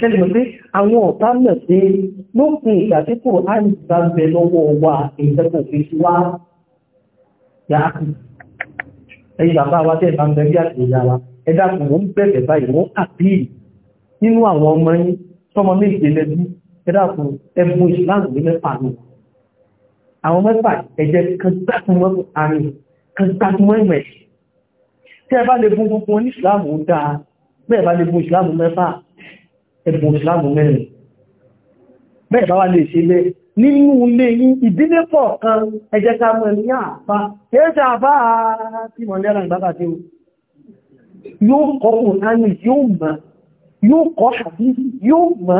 [SPEAKER 1] kẹ́lẹ̀ pé àwọn ọ̀tá mẹ̀ pé lókun ìgbà tí kò á ní ìgbà bẹ lọ́wọ́ wa ìjẹ́kò fi sí wá yáàkù ẹ̀yìn bàbá wa tẹ́ ìbámu ẹgbẹ́ àti ìyá wa ẹ̀dá kò wọ́n bẹ̀rẹ̀ báyìí wọ́n àpíì nínú àwọn ọmọ yín tọmọ méje lẹ́bí ẹ̀dá kò ẹ̀bùn ìsìláàmù ní mẹ́fà ni àwọn mẹ́fà ẹ̀jẹ̀ kan gbàgbọ́n àrùn kan gbàgbọ́n ẹ̀mẹ̀ tí ẹ ẹ̀bùn ìsìláàmù mẹ́rin bẹ́ẹ̀ bá wà lè ṣe lẹ́ nínú ilé yín ìdílé pọ̀ kan ẹjẹ́ ká mọ̀ ní àpá ẹjẹ́ àbá tí mọ̀ lẹ́ràn ìgbàgbà tí ó yóò kọ́ kùnránì yóò mọ̀ yóò kọ́ hadisi yóò mọ̀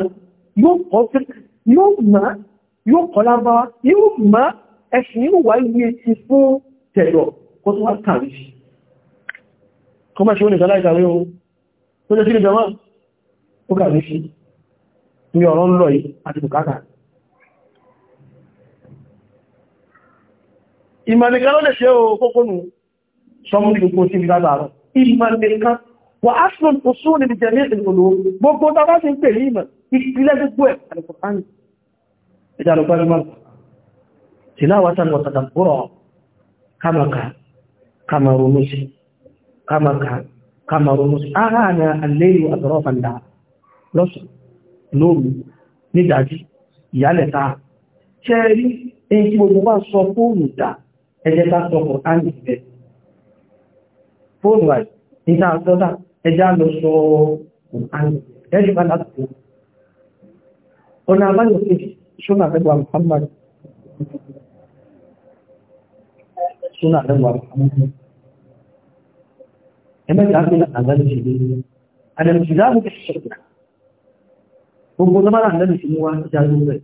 [SPEAKER 1] yóò kọ́ fíkì yóò mọ̀ yóò kọ́ lábáwá yóò mọ̀ ẹ̀sìn yóò wá ilé ti fún tẹ̀lọ̀ kó tó wá kàrí kọ́mọ̀ ṣe ó nìkan láìkàrí ohun tó jẹ́ sí ìjọmọ́ ó gbà ní fi ní ọ̀rọ̀ ń lọ yìí àti bùkátà ìmọ̀nìkan ló lè ṣe o kókónù sọmú ní gbogbo sí ibi látàrọ ìmọ̀nìkan wà á sùn tó sún níbi jẹ́lé ìlòlò gbogbo tàbá sí ń pè ní ìmọ̀ ìpìlẹ̀ gbogbo ẹ̀ àdìkùnkánì ìjàlùgbàjúmọ̀ tilawatan kama rumusi kamaka ana al-layl da'a lọ́sùn lóòrùn nídàájí ìyálẹ̀ta ṣẹ́ rí èyí tí gbogbo wá sọ fóònù dà ẹjẹ́ta sọpọ̀ táàmì ìbẹ̀ fóònù àì níta àtọ́dá ẹjá lọ sọ ẹjẹ́ bá láti fún ọ̀nà àbáyọ̀ kejì ṣúnà àtẹ́gbà Muhammad ṣúnà àtẹ́gbà Muhammad ẹmẹ́ta àgbẹ̀ àgbẹ̀ ìṣẹ̀lẹ̀ àdàmìṣẹ̀lẹ̀ àgbẹ̀ ìṣẹ̀lẹ̀ gbogbo tọ́bálà lẹ́bì tí mú wá ẹjá ló rẹ̀.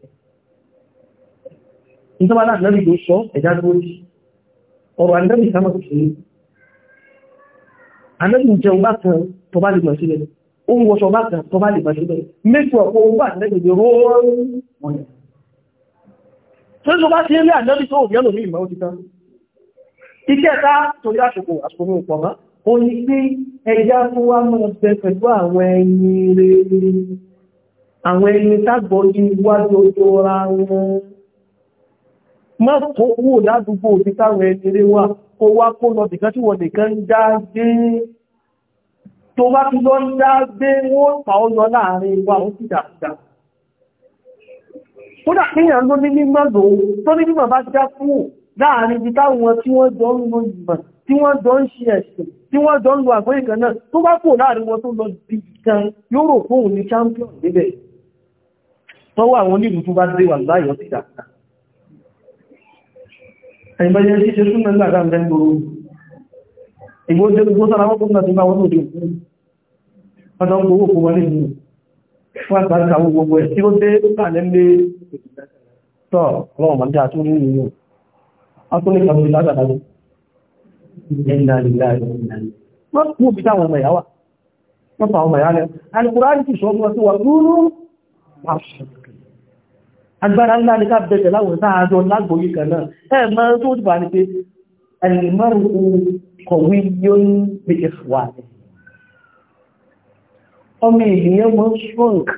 [SPEAKER 1] ní tọ́bálà lẹ́bì tó sọ ẹjá ló rí ọ̀rọ̀ àlẹ́bì sámọ́ tó ṣe àlẹ́bì jẹun bá kan tọ́bá lè mọ̀ sílẹ̀ ó ń wọṣọ bá kan tọ́bá lè mọ̀ sílẹ̀ mẹ́kù ọ̀pọ̀ owó àlẹ́bì lè rọ́ tó bá ṣe rí àlẹ́bì tó òbí ẹlòmí ìmọ̀ òtítà ìkẹta torí àṣòkò àṣòkò àwọn ẹni tágbọ́ iwájú ojú ọra wọn má kó wò ládùúgbò òbí táwọn ẹni rí wà kó wá kó lọ nìkan tí wọ́n nìkan ń dá gbé tó bá fi lọ ń dá gbé wọ́n pa ó lọ láàrin wa ó sì dàgbà kódà kíyàn ló ní mímọ̀ lòó tó ní mímọ̀ bá já kúrò láàrin ibi táwọn tí wọ́n jọ ń lo ìmọ̀ tí wọ́n jọ ń ṣe ẹ̀sìn tí wọ́n jọ ń lo àgbóyìnkan náà tó bá kúrò láàrin wọn tó lọ bí kan yóò rò fóun ní champion níbẹ̀ tọ́wọ́ àwọn onílù tó bá dé wà láyọ̀ sí dàkà ẹ̀yìnbẹ̀yẹ sí ṣe súnmọ̀ nígbàtà ń rẹ̀gbòrò ìgbó jẹ́ gbogbo sára wọ́n gómìnà tí máa wọ́n lòdì òkú ọdọ́ gbogbo kò wọlé ní fún àgbàríkà gbogbo ẹ̀ tí ó dé láàrẹ ń lé tọ́ ọlọ́run màá dáa tó rí nínú akúnlẹ̀ kan sí látàdájú ẹ̀yìnlá ìlà ìlà wọ́n kú òbí táwọn ọmọ ìyáwà wọ́n pa ọmọ ìyá lẹ́ alùpùrá ti sọ fún ọ wà lúrú agbára ńlá ní káàbẹ̀ẹ̀tẹ̀ láwọn sáàjọ lágbòyí kan náà ẹ mọ́ tó ti bá ní pé ẹ̀lìmọ́rù kọ̀wé yóò ń bí ìfúwà ọmọ ènìyàn mọ́ shrunk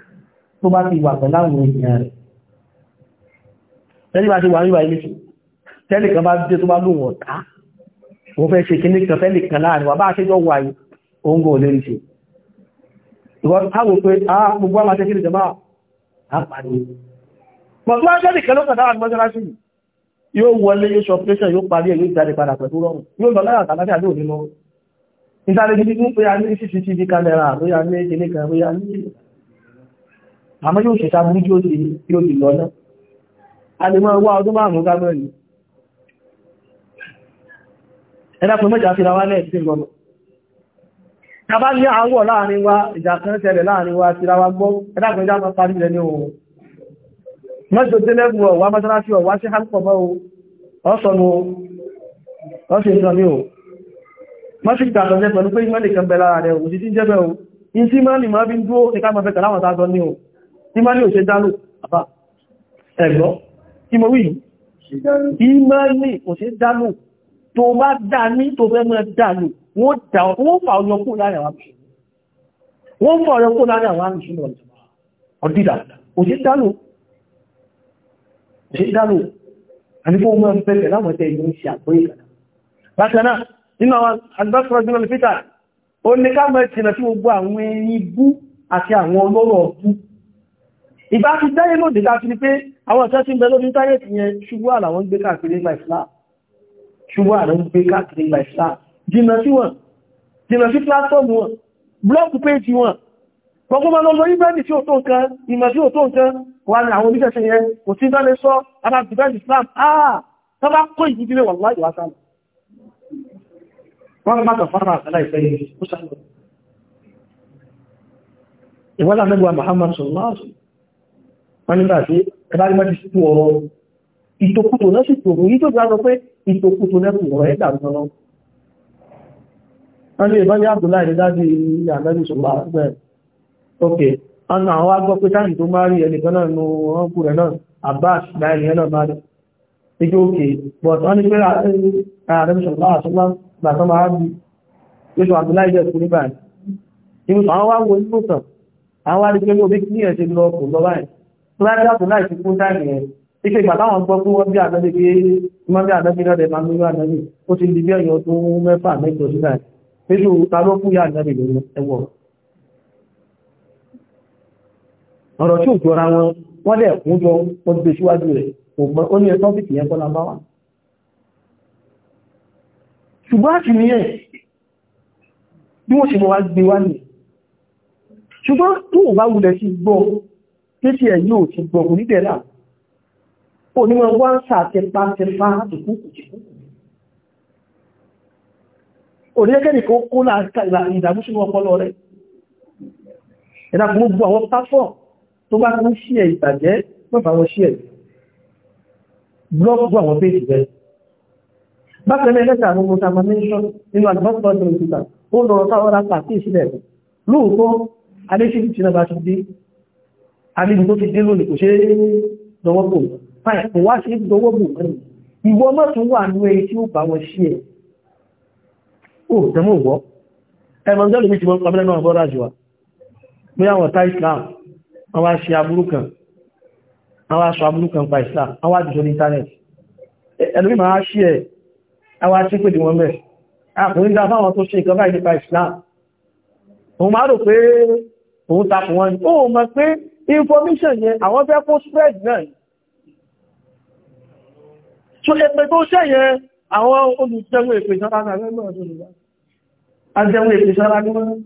[SPEAKER 1] tó bá ti wà pẹ̀láwọn ènìyàn rẹ̀ tẹ́lẹ̀ bá ti wà níwà ilé tẹ́lẹ̀ kan bá dé tó bá lóun ọ̀tá òun fẹ́ ṣe kíní kan fẹ́lẹ̀ kan láàrin wà bá ṣẹ́jọ́ wà yìí òun gò lè ṣe ìwọ́n táwọn pé ah, Mọ̀tún wájẹ́ nìkan ló kàn dáwà ní mọ́sálásí yìí. Yóò wọlé yóò ṣọpẹ́ṣẹ̀ yóò parí ẹ̀ yóò jáde padà pẹ̀lú rọrùn. Yóò lọ láyà àtàlájì àlóò nínú. Ìsáré gidi fún pé a ní CCTV kámẹ́rà ló yà ní ìdílé kan ló yà ní. Àmọ́ yóò ṣẹ̀ṣà burú yóò ti yóò ti lọ náà. A lè máa wá ọdún márùn-ún kámẹ́rà yìí. Ẹ dákun mẹ́ta fi ra wá lẹ́ẹ̀ sí ìgbọ́nà. Tàbá ní àwọ̀ láàrin wa, ìjà kan ṣẹlẹ̀ láàrin wa, ti ra mọ́jọ tí lẹ́gbù ọ̀wá mọ́sánásí ọ̀wá sí hálpọ̀bọ́ ọ̀sọ̀nù ọ̀sẹ̀ ìsànmí o mọ́sí ìtàṣọ́jẹ́ pẹ̀lú pé ìmọ́lẹ̀ kan bẹ̀lá rẹ̀ ò sí tí jẹ́bẹ̀ o in tí mọ́lì mọ́ bí ń dúó ní káàmọ̀ fẹ́kà láwọn tààzọ ní o tí mọ́lì ò ṣe dálò àbá ẹ̀gbọ́ tí mo wí ìmọ́lì ò ṣe dálò tó bá dá ní tó fẹ́ mọ́ dálò wọ́n fà ọyọkú láàrin àwọn àmì ṣe dánù àníkó mọ́ pẹ́pẹ̀ láwọn tẹ́ ìlú ṣe àpóyè kan bákaná nínú àwọn agbáṣọ́júmọ́ lẹ́fíta ó ní ká mọ́ ìtìnà tí gbogbo àwọn ẹni bú àti àwọn ọlọ́rọ̀ bú ìbá ti dáyé lóde láti ní pé àwọn ọ̀sẹ́ tí ń bẹ lórí táyé ti yẹn ṣubú àlàwọn gbé káàkiri ìgbà ìsìlá ṣubú àlàwọn gbé káàkiri ìgbà ìsìlá jìnà sí wọn jìnà sí pláfọ́ọ̀mù wọn blọ́ọ̀kù péjì wọn gbogbo ma lọ́lọ́ ìbẹ́ni tí ó tó nǹkan ìmọ̀ tí ó tó nǹkan wà ní àwọn oníṣẹ́ṣẹ́ yẹn kò tí bá lè sọ ara dìbẹ́ Islam àà ah! tó bá kó ìdí dílé wọ̀n láì wáṣá wọ́n má kàn fara àtàlà ìfẹ́ yìí ó sáré ìwọ́n lábẹ́gbà Muhammad sallallahu alaihi wọ́n nígbà tí ẹbá rí mẹ́jì sí ọ̀rọ̀ ìtòkùtò náà sì tòrò yí tó gbájọ pé ìtòkùtò náà ọ̀rọ̀ ẹ̀dà lọ́nà wọ́n ní ìbọn ní Abdullahi dájú ìyàmẹ́rin sọ̀rọ̀ àgbẹ̀rẹ̀ ok ọ̀nà àwọn agbọ́ pé táàmì tó máa rí ẹnìkan náà nù wọ́n kú náà abbas láìrí ẹ̀ náà máa rí ijó òkè but wọ́n ní pé àrẹ́mìsọ̀lá àṣọ́lá gbàtọ́ máa bí lóṣù àbúláì jẹ́ kú ní báyìí ìwòsàn àwọn wá wo ìwòsàn àwọn wá rí pé lóbi kí ẹ̀ ṣe lọ kò lọ báyìí tó bá jẹ́ àbúláì ti kú táàmì ẹ̀ ike ìgbà táwọn di bí ẹ̀yọ́ tó mẹ́fà mẹ́jọ sí báyìí pé tó ta ló kú yá àdọ́bí ọ̀rọ̀ tí ò jọra wọn wọ́n lẹ̀ kún jọ wọ́n gbé síwájú rẹ̀ ó ní ẹ̀tọ́fíìkì yẹn kọ́ lábáwá ṣùgbọ́n àti nìyẹn bí wọ́n ṣe mọ́ wá gbé wá nìyẹn ṣùgbọ́n tó wà wulẹ̀ sí gbọ́ títí ẹ̀ yóò ti gbọ́ kò níbẹ̀ náà ó ní tó bá tún ṣí ẹ̀ ìtàjẹ́ mọ́fà wọn ṣí ẹ̀ blọ́ọ̀kù àwọn péjì rẹ̀ bákan ẹlẹ́sà àwọn mọ́tàmọ́mẹ́ṣọ́ nínú àgbọ́sọ̀ ọdún ìtìta ó lọ sáwọn lápá sí ìṣílẹ̀ rẹ̀ lóòótọ́ adéṣèlú tí náà ti dé alébù tó ti dé lónìí kò ṣe é dọwọ́ bò fáì kò wá sí dọwọ́ bò mẹ́rin ìwọ mọ́ tún wà nú èyí tí ó bá wọn ṣí ẹ̀ ó tẹ́mọ̀ wọ́ ẹ̀mọ̀ ń wọ́n wá ṣe aburú kan wọ́n wá ṣe aburú kan pa islam wọ́n wá jùsọ ní internet ẹlùmí máa ṣí ẹ̀ àwọn aṣípè dì wọ́n mẹ́ àkùnrin dá fáwọn tó ṣe ìkọfà ìdípa islam òun máa rò pé òun takù wọn ó mọ̀ pé information yẹn àwọn fẹ́ kó spread náà tó ẹgbẹ́ tó ṣẹ́ yẹn àwọn olùjẹun èpè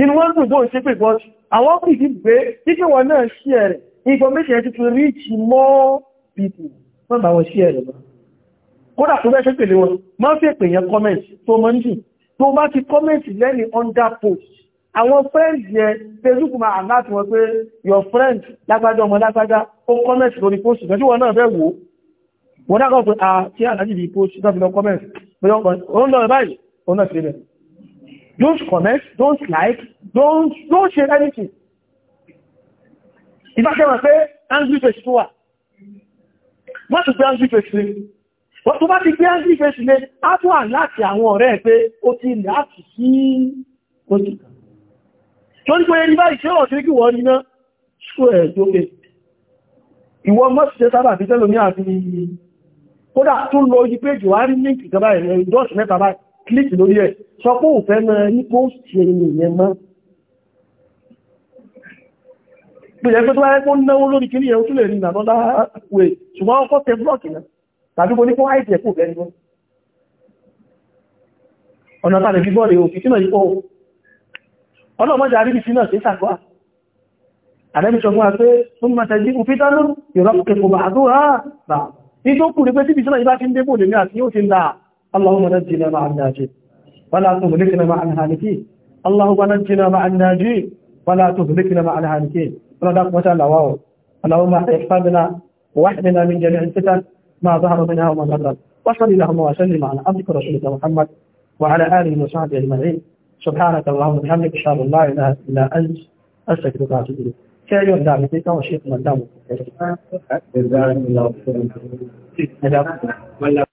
[SPEAKER 1] inú wọ́n dùn bóò ṣe pè bọ́ àwọn kù sí pé títí wọn náà sí ẹ̀rẹ̀ information ẹ̀ ti fi reach more people wọ́n bá wọn sí ẹ̀rẹ̀ mọ́ kódà tó bẹ́ ṣe pèlé wọn máa fi èpè yẹn comment tó mọ́ ní tó bá ti comment lẹ́ni under post àwọn friends yẹn facebook máa alert wọn pé your friend lágbájá ọmọ lágbájá ó comment lórí post ìgbẹ́jú wọn náà fẹ́ wò ó ah, wọ́n dákọ̀ pé àti àlájì bí post náà fi lọ comment pé ó ń lọ báyìí ó náà fi rẹ̀ don't comment, don't like, don't, don't share anything. Ìbáṣẹ́wọ̀n pé angry face tó wà. Wọ́n ti gbé angry face lé. Wọ́n tó bá ti gbé angry face lé, á tó wà láti àwọn ọ̀rẹ́ pé ó ti láti sí ojú. Tó ní pé ẹni bá ìṣẹ́ ọ̀sẹ̀ kí wọ́n níná, ṣú ẹ̀ tó pé. Ìwọ mọ́síṣẹ́ sábà what tẹ́lómi àti kódà tó lọ ojú pé Jùwárí ní ìgbàbáyẹ̀ click lórí ẹ̀ sọ pé òun fẹ́ máa rí post ẹni yẹn mọ́ pèyẹ pé tó wáyé kó náwó lórí kí ní ẹ̀ òtúlẹ̀ ní ìlànà wẹ̀ ṣùgbọ́n ọkọ̀ tẹ blọ́ọ̀kì náà tàbí kó ní kó wáyé tẹ̀kù bẹ́ẹ̀ ni ọ̀nà tàbí fi bọ́ọ̀lẹ̀ òfin tí náà yípo ọlọ́mọdé àríbí sí náà sí sàkọ́à àrẹ́bí sọ fún wa pé fún mọ́tẹ̀lí òfin tánú ìrọ́pùkẹ́ kò bàá tó rà اللهم نجنا مع الناجين ولا تهلكنا مع الهالكين اللهم نجنا مع الناجين ولا تهلكنا مع الهالكين ولا وتعالى واو اللهم احفظنا واحفظنا من جميع الفتن ما ظهر منها وما بدر وصل اللهم وسلم على عبدك رسولك محمد وعلى آله وصحبه أجمعين سبحانك اللهم وبحمدك أشهد أن لا إله إلا أنت أستغفرك وأتوب إليك شيء يندم فيك وشيء مندم